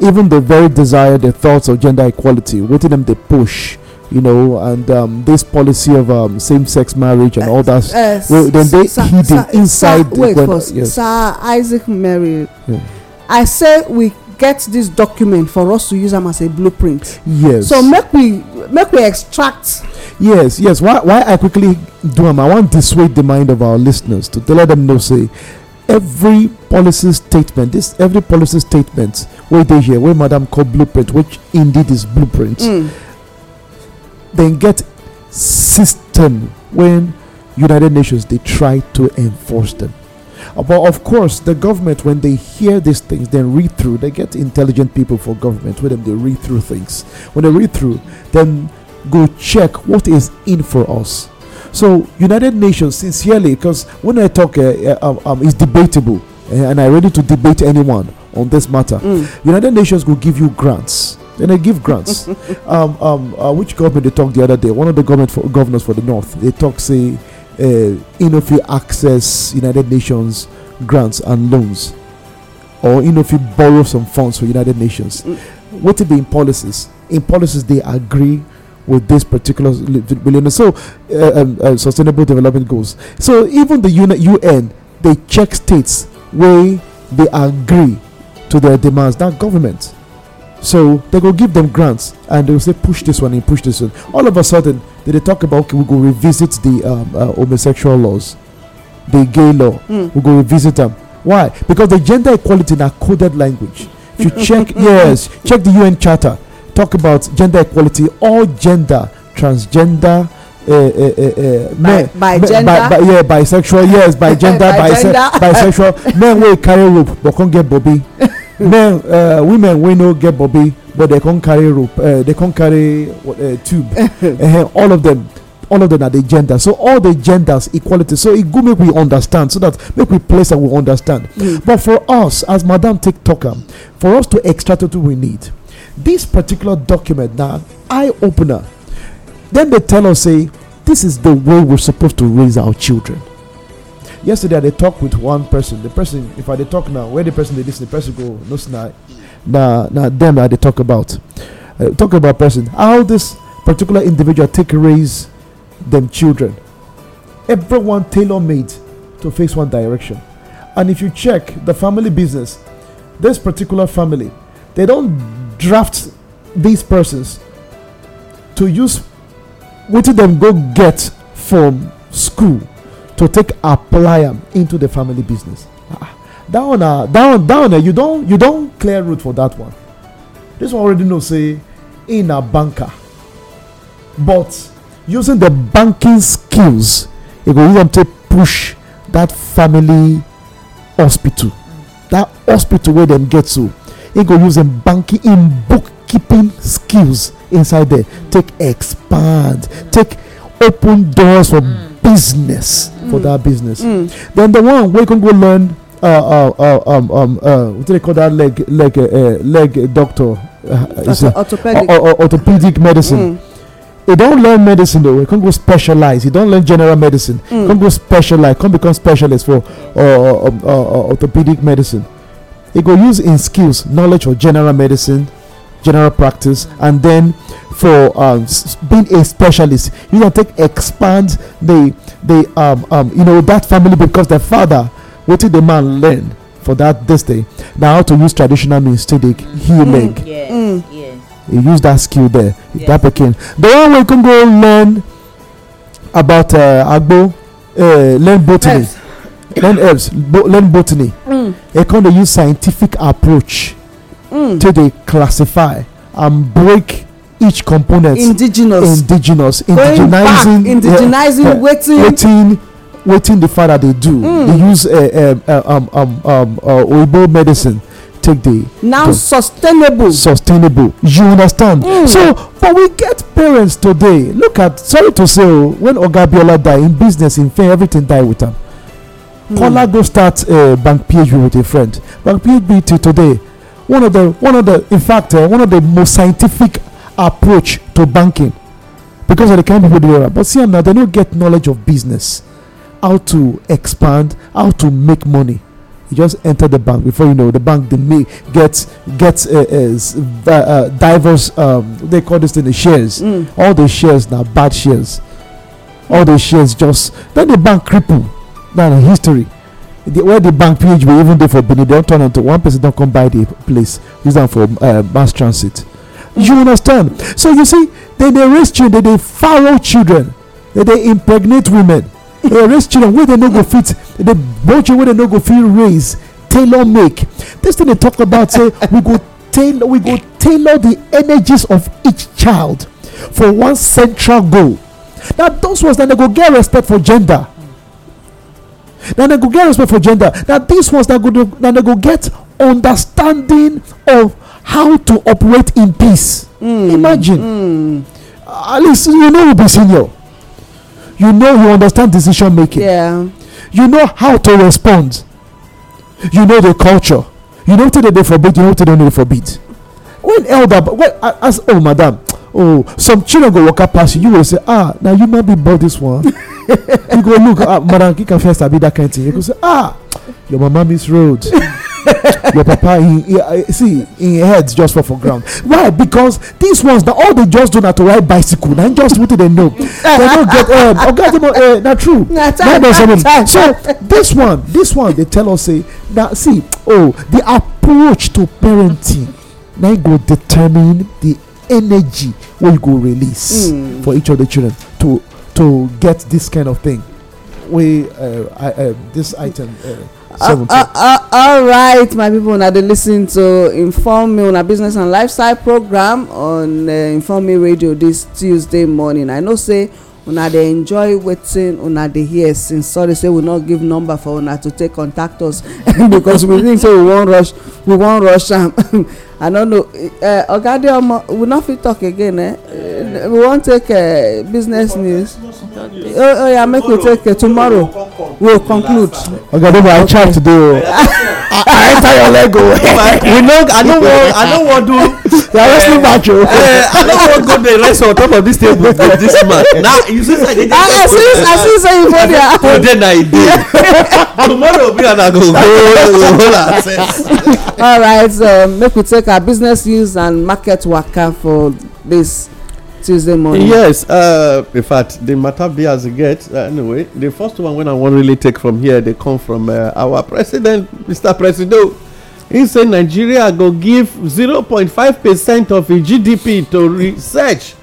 Speaker 5: even the very desire, the thoughts of gender equality, within them they push. You know, and um, this policy of um, same-sex marriage and uh, all eh, that, uh, well, then they sa- sa- inside. Sa- wait, when, yes.
Speaker 2: Sir Isaac Mary, yeah. I say we get this document for us to use am as a
Speaker 5: blueprint yes so
Speaker 2: make we make we extract
Speaker 5: yes yes why why i quickly do am i wan dissuade the mind of our listeners to tell them know say every policy statement this every policy statement wey dey here wey madam call blueprint which indeed is blueprint dem mm. get system when united nations dey try to enforce dem but of course, the government, when they hear these things, then read through, they get intelligent people for government with them, they read through things. When they read through, then go check what is in for us. So, United Nations, sincerely, because when I talk, uh, uh, um, it's debatable, eh, and I'm ready to debate anyone on this matter. Mm. United Nations will give you grants. And they give grants. *laughs* um, um, uh, which government they talked the other day? One of the government for, governors for the north. They talk say uh, Inofi access United Nations grants and loans, or Inofi borrow some funds for United Nations. Mm. What if in policies? In policies, they agree with this particular billionaire. So, uh, um, uh, sustainable development goals. So, even the UN, they check states where they agree to their demands. That government so they go give them grants and they will say, push this one and push this one. All of a sudden, they, they talk about, okay, we'll go revisit the um, uh, homosexual laws, the gay law. Mm. We'll go revisit them. Why? Because the gender equality in a coded language. If you check, *laughs* yes, check the UN Charter. Talk about gender equality, all gender, transgender, uh, uh, uh, uh men, by, by gender, by, by, yeah, bisexual, yes, *laughs* by gender, by gender. bisexual. men will carry rope, but can't get Bobby. *laughs* *laughs* men uh, women wey no get bobi but they can carry rope uh, They can carry uh, tube *laughs* all of them, all of them are the gender so all the genders equality so e good make we understand so that make we place and we understand mm. but for us as madam TikToker, for us to extract what we need this particular document na eye opener dem dey tell us say this is the way we suppose to raise our children Yesterday, they talk with one person. The person, if I they talk now, where the person they listen, the person go no snide. Now, now them that they talk about, uh, talk about person how this particular individual take raise them children. Everyone tailor made to face one direction, and if you check the family business, this particular family, they don't draft these persons to use what them go get from school to take a am into the family business ah, ah, that one that one that ah, one na you not you don't clear route for that one this one already know say in a banker but using the banking skills he go use take push that family hospital that hospital where them get to, he go use banking in bookkeeping skills inside there take expand take open doors for business mm. for that business. Mm. Then the one we can go learn. Uh, uh, uh, um, um, uh, what do they call that leg leg uh, leg doctor? Uh, orthopedic. orthopedic medicine. Mm. don't learn medicine though. You can go specialize. You don't learn general medicine. Mm. Can go specialize. Can become specialist for uh, uh, um, orthopedic medicine. it go use in skills, knowledge, or general medicine general practice and then for um, being a specialist you can take expand the the um, um you know that family because the father what did the man learn for that this day now how to use traditional means to the healing mm.
Speaker 1: Yeah.
Speaker 5: Mm. use that skill there yes. that became the one we can go learn about uh, agbo uh, learn botany herbs. learn herbs bo- learn botany mm. they use scientific approach mm. till they classify and break each component indigenous indigenous indigenizing indigenizing yeah, waiting, waiting. wetin the father they do mm. they use uh, uh, um, um, um, uh, oyibo medicine take the now the sustainable sustainable you understand mm. so but we get parents today look at sorry to say oh, when Ogabiola die in business in fame everything die with him. mm. kola go start uh, bank phd with a friend bank phd today one of the one of the in fact uh, one of the most scientific approach to banking because of the kind of people they are. But see now they don't get knowledge of business, how to expand, how to make money. You just enter the bank before you know the bank. They may get get uh, uh, uh, diverse. Um, they call this thing the shares. Mm. All the shares now bad shares. All the shares just then the bank cripple. That's history where the bank page phb even dey for benin don't turn am one person don't come buy the place use am for uh, mass transit you understand so you see they they raise children they dey follow children they they impregnate women They raise children where they no go fit They dey born where they no go feel raise tailor make This thing they talk about say *laughs* we go tailor we go tailor the energies of each child for one central goal Now those ones na dem go get respect for gender na dem go get respect for gender na these ones that dem go get understanding of how to operate in peace hmm. imagine hmm. at least you know you be senior you know you understand decision making Yeah, you know how to respond you know the culture you know wetin dem dey forbid you know wetin dem no dey forbid when elder as oh madam oh some children go waka pass you you go say ah na human being bought this one *laughs* you go look ah madam kika first sabi that kind of thing you go say ah your mama miss road *laughs* your papa he see him head just fall for ground why because these ones na all they just do na to ride bicycle na just wetin dem know uh-huh. dem no get um, *laughs* oga timo eh uh, na true na dem sabi so this one this one dey tell us say na see oh the approach to parenting na e go determine the energy wey you go release hmm. for each of the children to to get this kind of thing wey uh, um, this item uh, ah, ah, ah, all
Speaker 2: right my people na dey listen to inform me on a business and lifestyle program on uh, inform me radio this tuesday morning i know say una dey enjoy waiting una dey hear since sorry say we not give number for una to take contact us *laughs* because we think say we won't rush we won't rush am *laughs* i don't know oga adeomo we no fit talk again eh uh, we won't take uh, business news oh oh, yeah make we take uh, tomorrow we conclude
Speaker 5: oga adeomo i chat to do. Oh. *laughs* i enter your leg o oh. *laughs* we no i no wan i no wan do you are wrestling match o oh. eh, i no wan go dey rest on top of this table with
Speaker 4: this man now you see
Speaker 1: ah, *laughs* i dey i see i see say you go there
Speaker 4: today I e tomorrow we are i go hold
Speaker 2: ourselves all right um, make we take our business news and market waka for this tuesday morning. yes
Speaker 4: uh, in fact the matter be as e get uh, anyway the first one wey i wan really take from here dey come from uh, our president mr presido he say nigeria go give zero point five percent of e gdp to research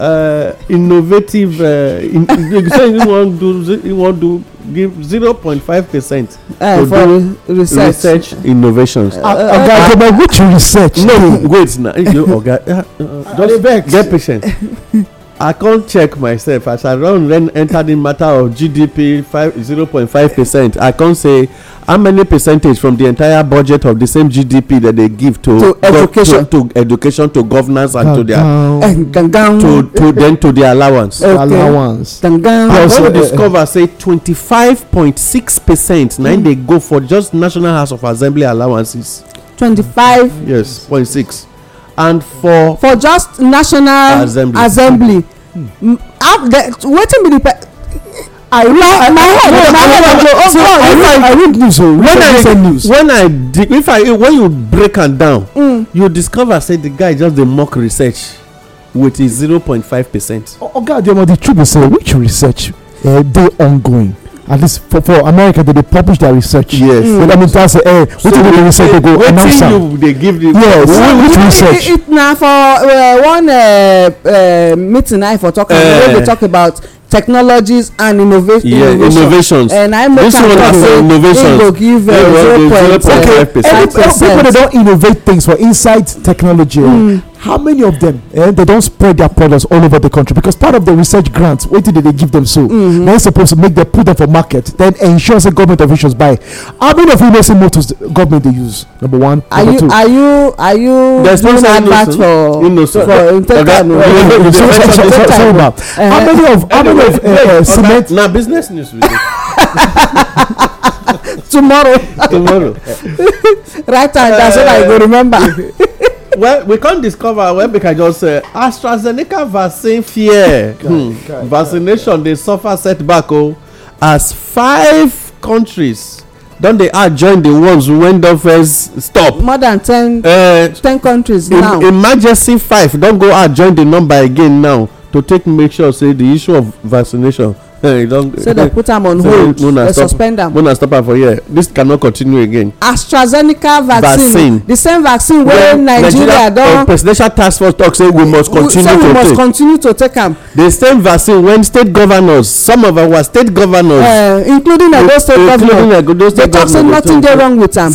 Speaker 4: uh, innovative uh, in, say you wan do you wan do give zero point five percent. Uh, for research research innovations. Uh, uh, oga agbegbe which research. no wait na oga uh, just get patient. *laughs* I can't check myself as I run then enter the matter of GDP five zero point five percent. I can't say how many percentage from the entire budget of the same GDP that they give to, to education to, to, education to governance and to their eh, to, to then to their allowance. Okay. Allowance. I also eh, eh. discover say twenty five point six percent now hmm. they go for just National House of Assembly allowances. Twenty five. Yes, point six and for for just national assembly assembly hmm. mm, ah, wetin be the
Speaker 3: I read my head my head no, no, oh, so God, I, I, I
Speaker 4: read news o oh, when I read news. when I dig if I when you break am down mm. you discover say the guy just dey mock research with his zero point five percent. oga
Speaker 5: oh, oh, adeomo the truth be say which research uh, eh, dey ongoing at least for for america they dey publish their research. yes mm. well i mean that's eh wetin be the research they go
Speaker 4: announce am. wetin you dey give the. yes well, which research. it, it na for uh,
Speaker 2: one uh, uh, meeting i for talk about uh, wey dey talk about technologies and
Speaker 4: innovation. yeah innovations and I'm not am talk say e uh, go give zero point five
Speaker 1: percent. people dey don
Speaker 5: innovate things for inside technology. Mm how many of them eh, they don't spread their products all over the country because part of the research grants what did they give them so mm-hmm. they're supposed to make them put them for market then ensure the government officials buy how many of you know say motors government they use number one are number you two. are
Speaker 2: you are you there's no advert for innocent. for internal
Speaker 5: how many of how many of uh, cement now
Speaker 4: business news *laughs* tomorrow tomorrow *laughs* right
Speaker 1: time that's what i go
Speaker 4: remember *laughs* well, we can't discover well because just uh, AstraZeneca vaccine fear hmm. vaccination God. they suffer setback oh, as five countries don dey add join the ones wey don first stop. more than ten uh, ten countries im, now. emergency five don go add join the number again now to take make sure say the issue of vaccination he eh, don say dem put am on *laughs* hold dem suspend am mona stop am for here This cannot continue again
Speaker 2: AstraZeneca vaccine the same vaccine wey Nigeria uh, don
Speaker 4: presidential task force talk say we must continue to take we must continue to take am the same vaccine when state governors some of our state governors eh, including Edo state governor they talk say nothing dey wrong with am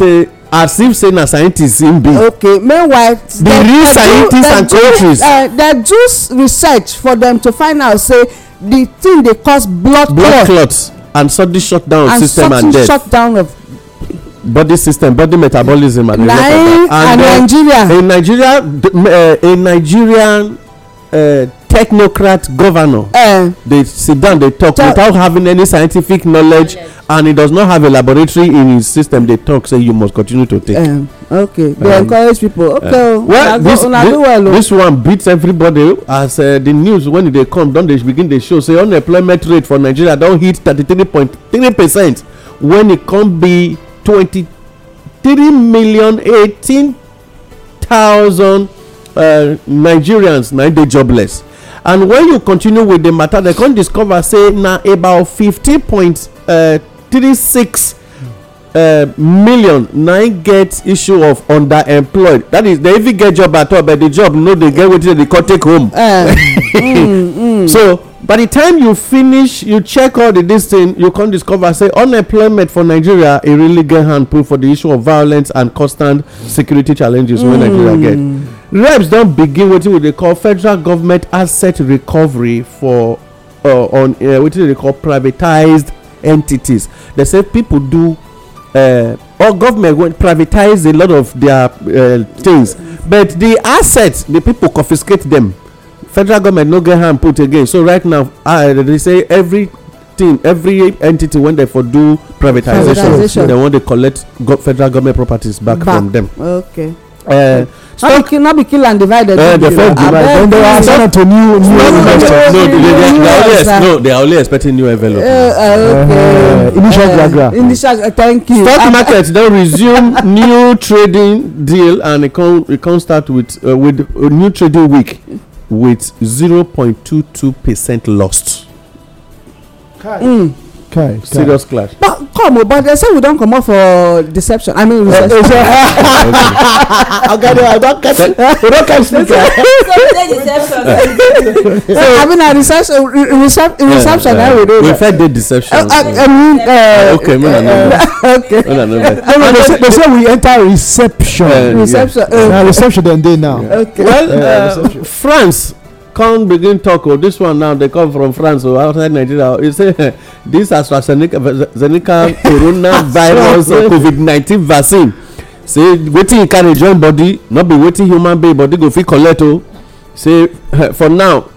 Speaker 4: as if say na scientist im be. okay meanwhile. the real scientists and countries.
Speaker 2: dem eh, do research for dem to find out say the thing dey cause blood clot blood
Speaker 4: clot and sudden shutdown system and death and sudden shutdown of body system body metabolism and like, and, and uh, nigeria in nigeria uh, in Nigerian technocrat governor eh. They sit down They talk without having any scientific knowledge and he does not have a laboratory in his system They talk say you must continue to take
Speaker 2: eh, okay dey um, encourage people. Eh. okay oh, well oh.
Speaker 4: this one beats everybody as uh, the news when e dey come don begin dey show say unemployment rate for nigeria don hit thirty three point three percent when e come be twenty three million eighteen thousand Uh, nigerians na dey jobless and when you continue with the matter they come discover say na about fifty point uh, three six uh, million na get issue of underemployed that is they even get job at all but the job no dey get wetin dem dey call take home um,
Speaker 2: *laughs* mm, mm. so
Speaker 4: by the time you finish you check all the dis thing you come discover say unemployment for nigeria a really get hand pull for the issue of violence and constant security challenges wey mm. nigeria get reps don begin wetin we dey call federal government asset recovery for uh, on uh, wetin dey call privatized entities dey say people do uh, or government privatize a lot of their things but the assets the people confiscate them federal government no get hand put again so right now they say every team every entity when they for do privatization they want to collect federal government properties back from dem okay. Uh,
Speaker 2: stock no be kill and divide uh, eh, the first divide don dey ask na to new new investor no they they only ex no
Speaker 4: they are only expecting new envelope.
Speaker 2: Uh, eh, okay.
Speaker 4: uh, initial gragra uh,
Speaker 2: initial uh, thank you. stock *laughs*
Speaker 4: market Then resume new trading deal and e can e can start with uh, with uh, new trading week with 0.22 percent lost.
Speaker 5: Mm kai
Speaker 4: serious clash
Speaker 2: but come but they say we don comot for deception i mean recession
Speaker 5: eh,
Speaker 1: eh, *laughs* oga i don catch
Speaker 5: we don catch me *laughs* so
Speaker 1: say deception eh.
Speaker 2: so i mean na reception reception na we dey we first
Speaker 5: dey
Speaker 4: deception uh, uh, i mean uh, ah, okay make na know okay make na know no no they say we enter reception reception na uh, reception dem
Speaker 5: dey now okay well
Speaker 4: france come begin talk oh this one now dey come from france or oh, outside nigeria oh, you say *laughs* this astrazeneca *laughs* coronavirus covid-19 vaccine say wetin e carry join body no be wetin human being body go fit collect o say *laughs* for now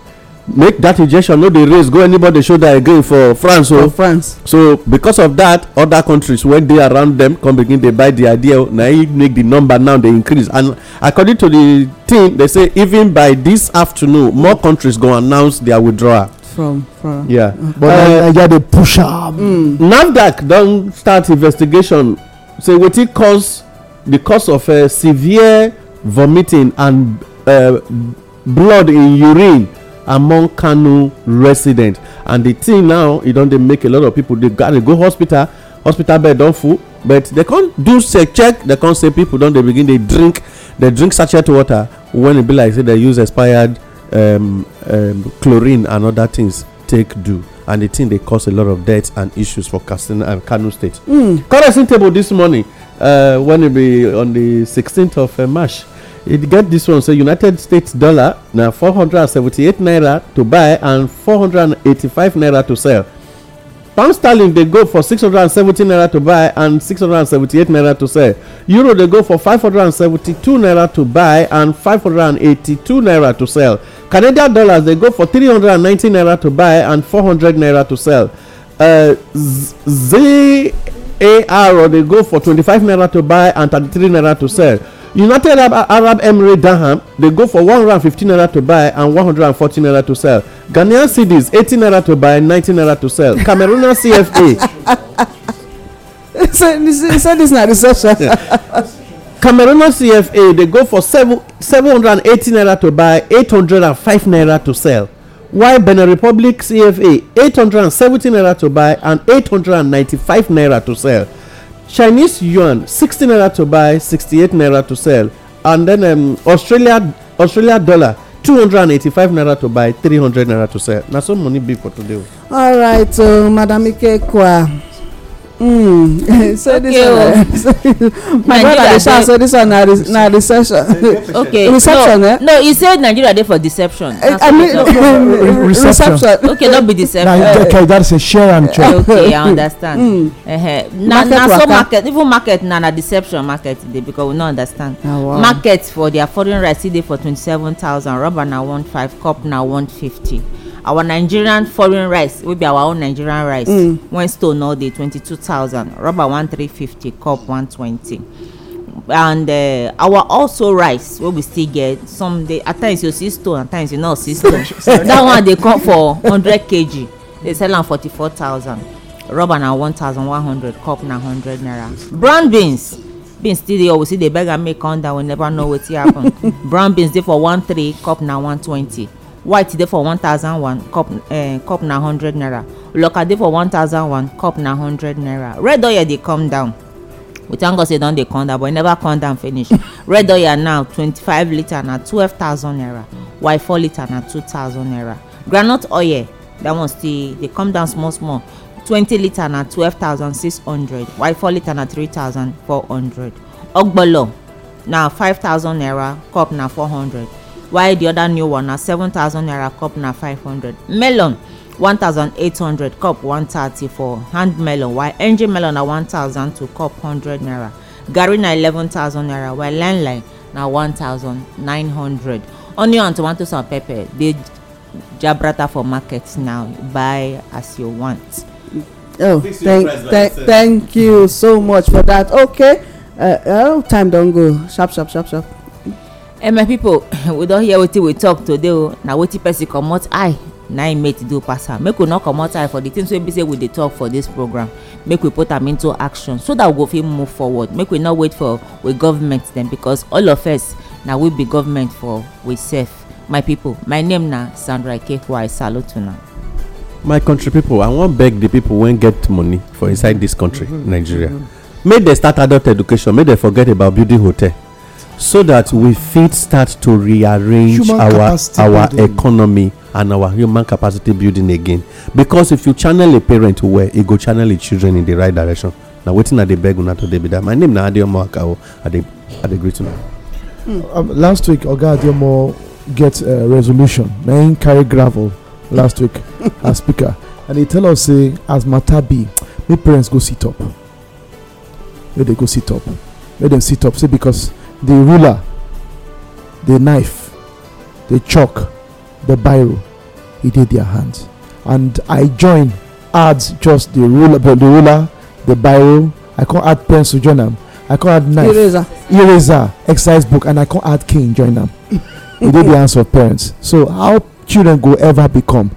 Speaker 4: make that injection no dey raise go anybody shoulder again for france o oh. france so because of that, other countries wey dey around them come begin dey buy the idea oh, na e make the number now dey increase and according to the tin they say even by this afternoon more countries go announce their withdrawal
Speaker 1: from from yeah but nigeria
Speaker 4: dey push am mm. nafdac don start investigation say wetin cause di cause of uh, severe vomiting and uh, blood in urine among kano residents and the thing now e don dey make a lot of people. dey gather go hospital hospital bed don full but dem con do check check dem con say people don dey begin dey drink dey drink sachet water when e be like say dem use expired um, um, chlorine and other things. take do and the thing dey cause a lot of deaths and issues for katsina and um, kano state. Hmm. correct table this morning uh, when e be on the 16th of uh, march It get this one say United States dollar now 478 naira to buy and 485 naira to sell. Pound sterling they go for 670 naira to buy and 678 naira to sell. Euro they go for 572 naira to buy and 582 naira to sell. Canadian dollars they go for 390 naira to buy and 400 naira to sell. Uh, ZAR they go for 25 naira to buy and 33 naira to sell. united arab emirates dirham dey go for one hundred and fifteen naira to buy and one hundred and fourteen naira to sell ghanaian cedis eighteen naira to buy nineteen naira to sell cameroonian cfa. say dis na recession. cameroonian cfa dey go for seven seven hundred and eighty naira to buy eight hundred and five naira to sell while benin republic cfa eight hundred and seventy naira to buy and eight hundred and ninety-five naira to sell Chinese yuan sixty naira to buy sixty-eight naira to sell and then um, Australia Australia dollar two hundred and eighty-five naira to buy three hundred naira to sell na so money be for today. Oh.
Speaker 2: all right uh, madam Ikekwa. Mm. *laughs* so this one,
Speaker 3: oh. *laughs* my brother dey shout say this one na re na recession. okay reception, no eh? no he say nigeria dey for deception. Uh, i mean *laughs* re reception. reception. okay no be deception. na okay
Speaker 5: that's a share and trade. okay i understand.
Speaker 3: Mm. Uh -huh. na na so market even market na na deception market dey because we no understand. Oh, wow. market for their foreign rice still dey for twenty-seven thousand rubber na one five cup na one fifty our nigerian foreign rice wey be our own nigerian rice mm. one stone all day twenty-two thousand rubber one three fifty cup one twenty and uh, our also rice wey we still get some dey at times you see stone at times you no see stone *laughs* that one dey come for hundred kg dey sell am forty-four thousand rubber na one thousand one hundred cup na hundred naira brown beans beans still dey always still dey beg am make come down we never know wetin happen *laughs* brown beans dey for one three cup na one twenty white dey for one thousand one cup uh, cup na hundred naira oloka dey for one thousand one cup na hundred naira red oil dey come down we thank god say e don dey come down but e never come down finish *laughs* red oil now twenty-five litre na twelve thousand naira White four litre na two thousand naira groundnut oil that one still dey come down small small twenty litre na twelve thousand six hundred White four litre na three thousand four hundred ogbolo na five thousand naira cup na four hundred while the other new one na seven thousand naira cup na five hundred melon one thousand eight hundred cup one thirty for hand melon while engine melon na one thousand to cup hundred naira garri na eleven thousand naira while line line na one thousand nine hundred onion and tomatoes and pepper dey jabrata for market now buy as you want. oh thank thank thank
Speaker 2: you so much for that okay uh, oh time don go sharp sharp sharp sharp
Speaker 3: eh, my pipo *coughs* we don hear wetin we talk today o na wetin person comot eye na im make do pass am make we no comot eye for the things wey be say we dey talk for this program make we put am into action so that we go fit move forward make we no wait for we government dem because all of us na we be government for we sef my pipo my name na sandra ikekwe i
Speaker 4: my country pipo i wan beg di pipo wey get money for inside dis country mm-hmm. nigeria mm-hmm. make dem start adult education make dem forget about building hotel so that we fit start to rearrange human our our building. economy and our human capacity building again because if you channel a parent well e go channel im children in the right direction na wetin i dey beg una today be that my name na adeomo akao i dey i dey greet una.
Speaker 5: Hmm. Um, last week oga adeomo get uh, resolution na him carry gravel last week *laughs* as speaker and he tell us say as matter be make parents go sit up make they go sit up make dem sit up say because the ruler the knife the chalk the biro e did their hands and i join add just the ruler the ruler the biro i can't add pencil join them. i can't add knife eraser eraser exercise book and i can't add cane join them. *laughs* e did the hands of parents so how children go ever become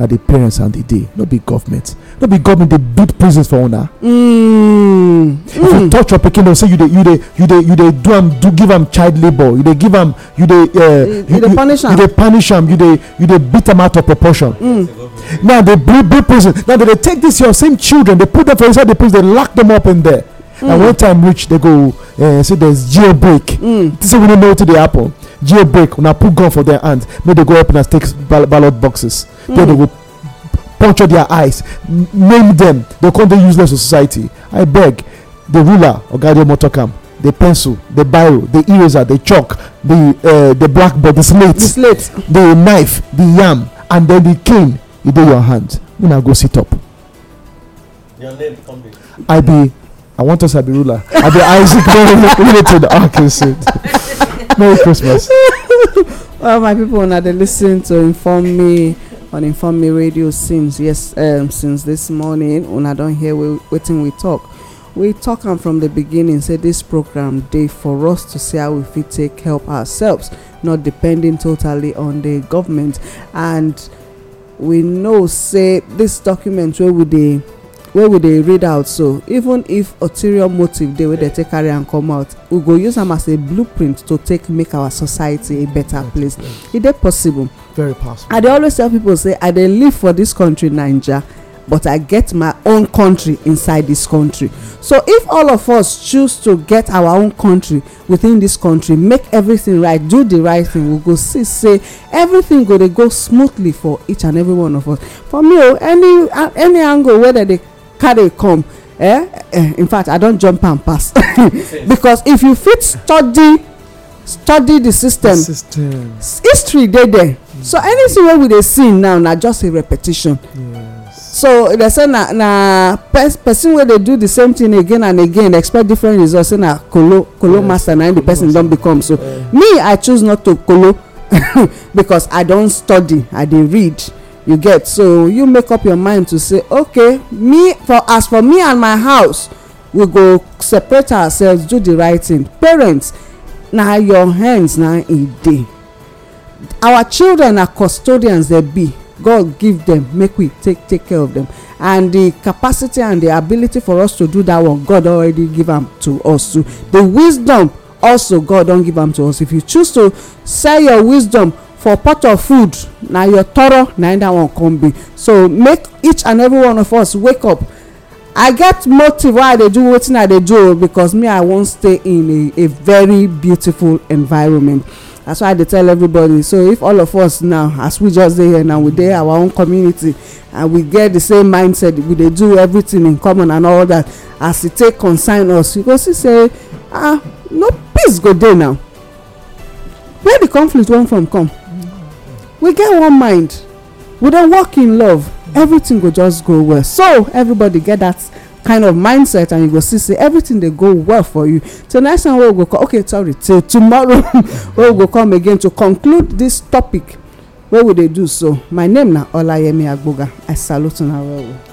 Speaker 5: na the parents and the day no be government no be government dey build prisons for una
Speaker 1: Mm. if you mm. touch
Speaker 5: your pikin dem say you dey you dey you dey do am do give am child labour you dey give am you dey uh, you dey punish am you dey punish am you dey beat am out of proportion mm. now dey build build prison now dey take dis your same children dey put dem for inside di prison dey lock dem up in there and mm. when time reach dey go uh, say there's jail break say we You. know wetin dey happen. Jailbreak. break una put gun for their hands make they go up and take ballot boxes hmm. then they go puncture their eyes name them. They come dey useless to society i beg the ruler oga adeomo talk the pencil the biro the eraser the chalk the uh, the blackboard the slate the slate the knife the yam and then the cane e dey your hand una go sit up.
Speaker 4: your name come be.
Speaker 5: i be i want us to be ruler i be isaac limited *laughs* arkansas merry christmas *laughs*
Speaker 2: well my people, una they listen to inform me on inform me radio since yes um, since this morning when I don't hear we waiting. we talk we talk and from the beginning say this program day for us to see how we fit take help ourselves not depending totally on the government and we know say this document where we the wey we dey read out so even if ulterior motive dey wey dem take carry am come out we go use am as a blueprint to take make our society a better place e dey possible very possible i dey always tell people say i dey live for dis country naija but i get my own country inside dis country so if all of us choose to get our own country within dis country make everything right do the right thing we go see say everything go dey go smoothly for each and every one of us for me o oh, any any angle wey dem dey carry come eh? eh in fact i don jump am pass *laughs* because if you fit study study the system history dey there so mm. anything wey we dey see now na just a repetition so they say na na person wey dey do the same thing again and again expect different results say na kolo kolo master na the person don become so me i choose not to kolo *laughs* because i don study i dey read you get so you make up your mind to say okay me for as for me and my house we go separate ourselves do the right thing parents na your hands na e dey our children na custodians dem be god give dem make we take take care of dem and the capacity and the ability for us to do that one god already give am to us too the wisdom also god don give am to us if you choose to sell your wisdom for pot of food na your thorough na that one come be so make each and every one of us wake up i get motive why i dey do wetin i dey do because me i wan stay in a a very beautiful environment that's why i dey tell everybody so if all of us now as we just dey here now we dey our own community and we get the same mindset we dey do everything in common and all that as e take concern us you go see say ah no peace go dey now where the conflict wan from come we get one mind we dey work in love everything go just go well so everybody get that kind of mindset and you go see say everything dey go well for you till next time wey we go come okay sorry till tomorrow wey *laughs* we go come again to conclude this topic wey we dey do so my name na olayemi agboga i salute una well well.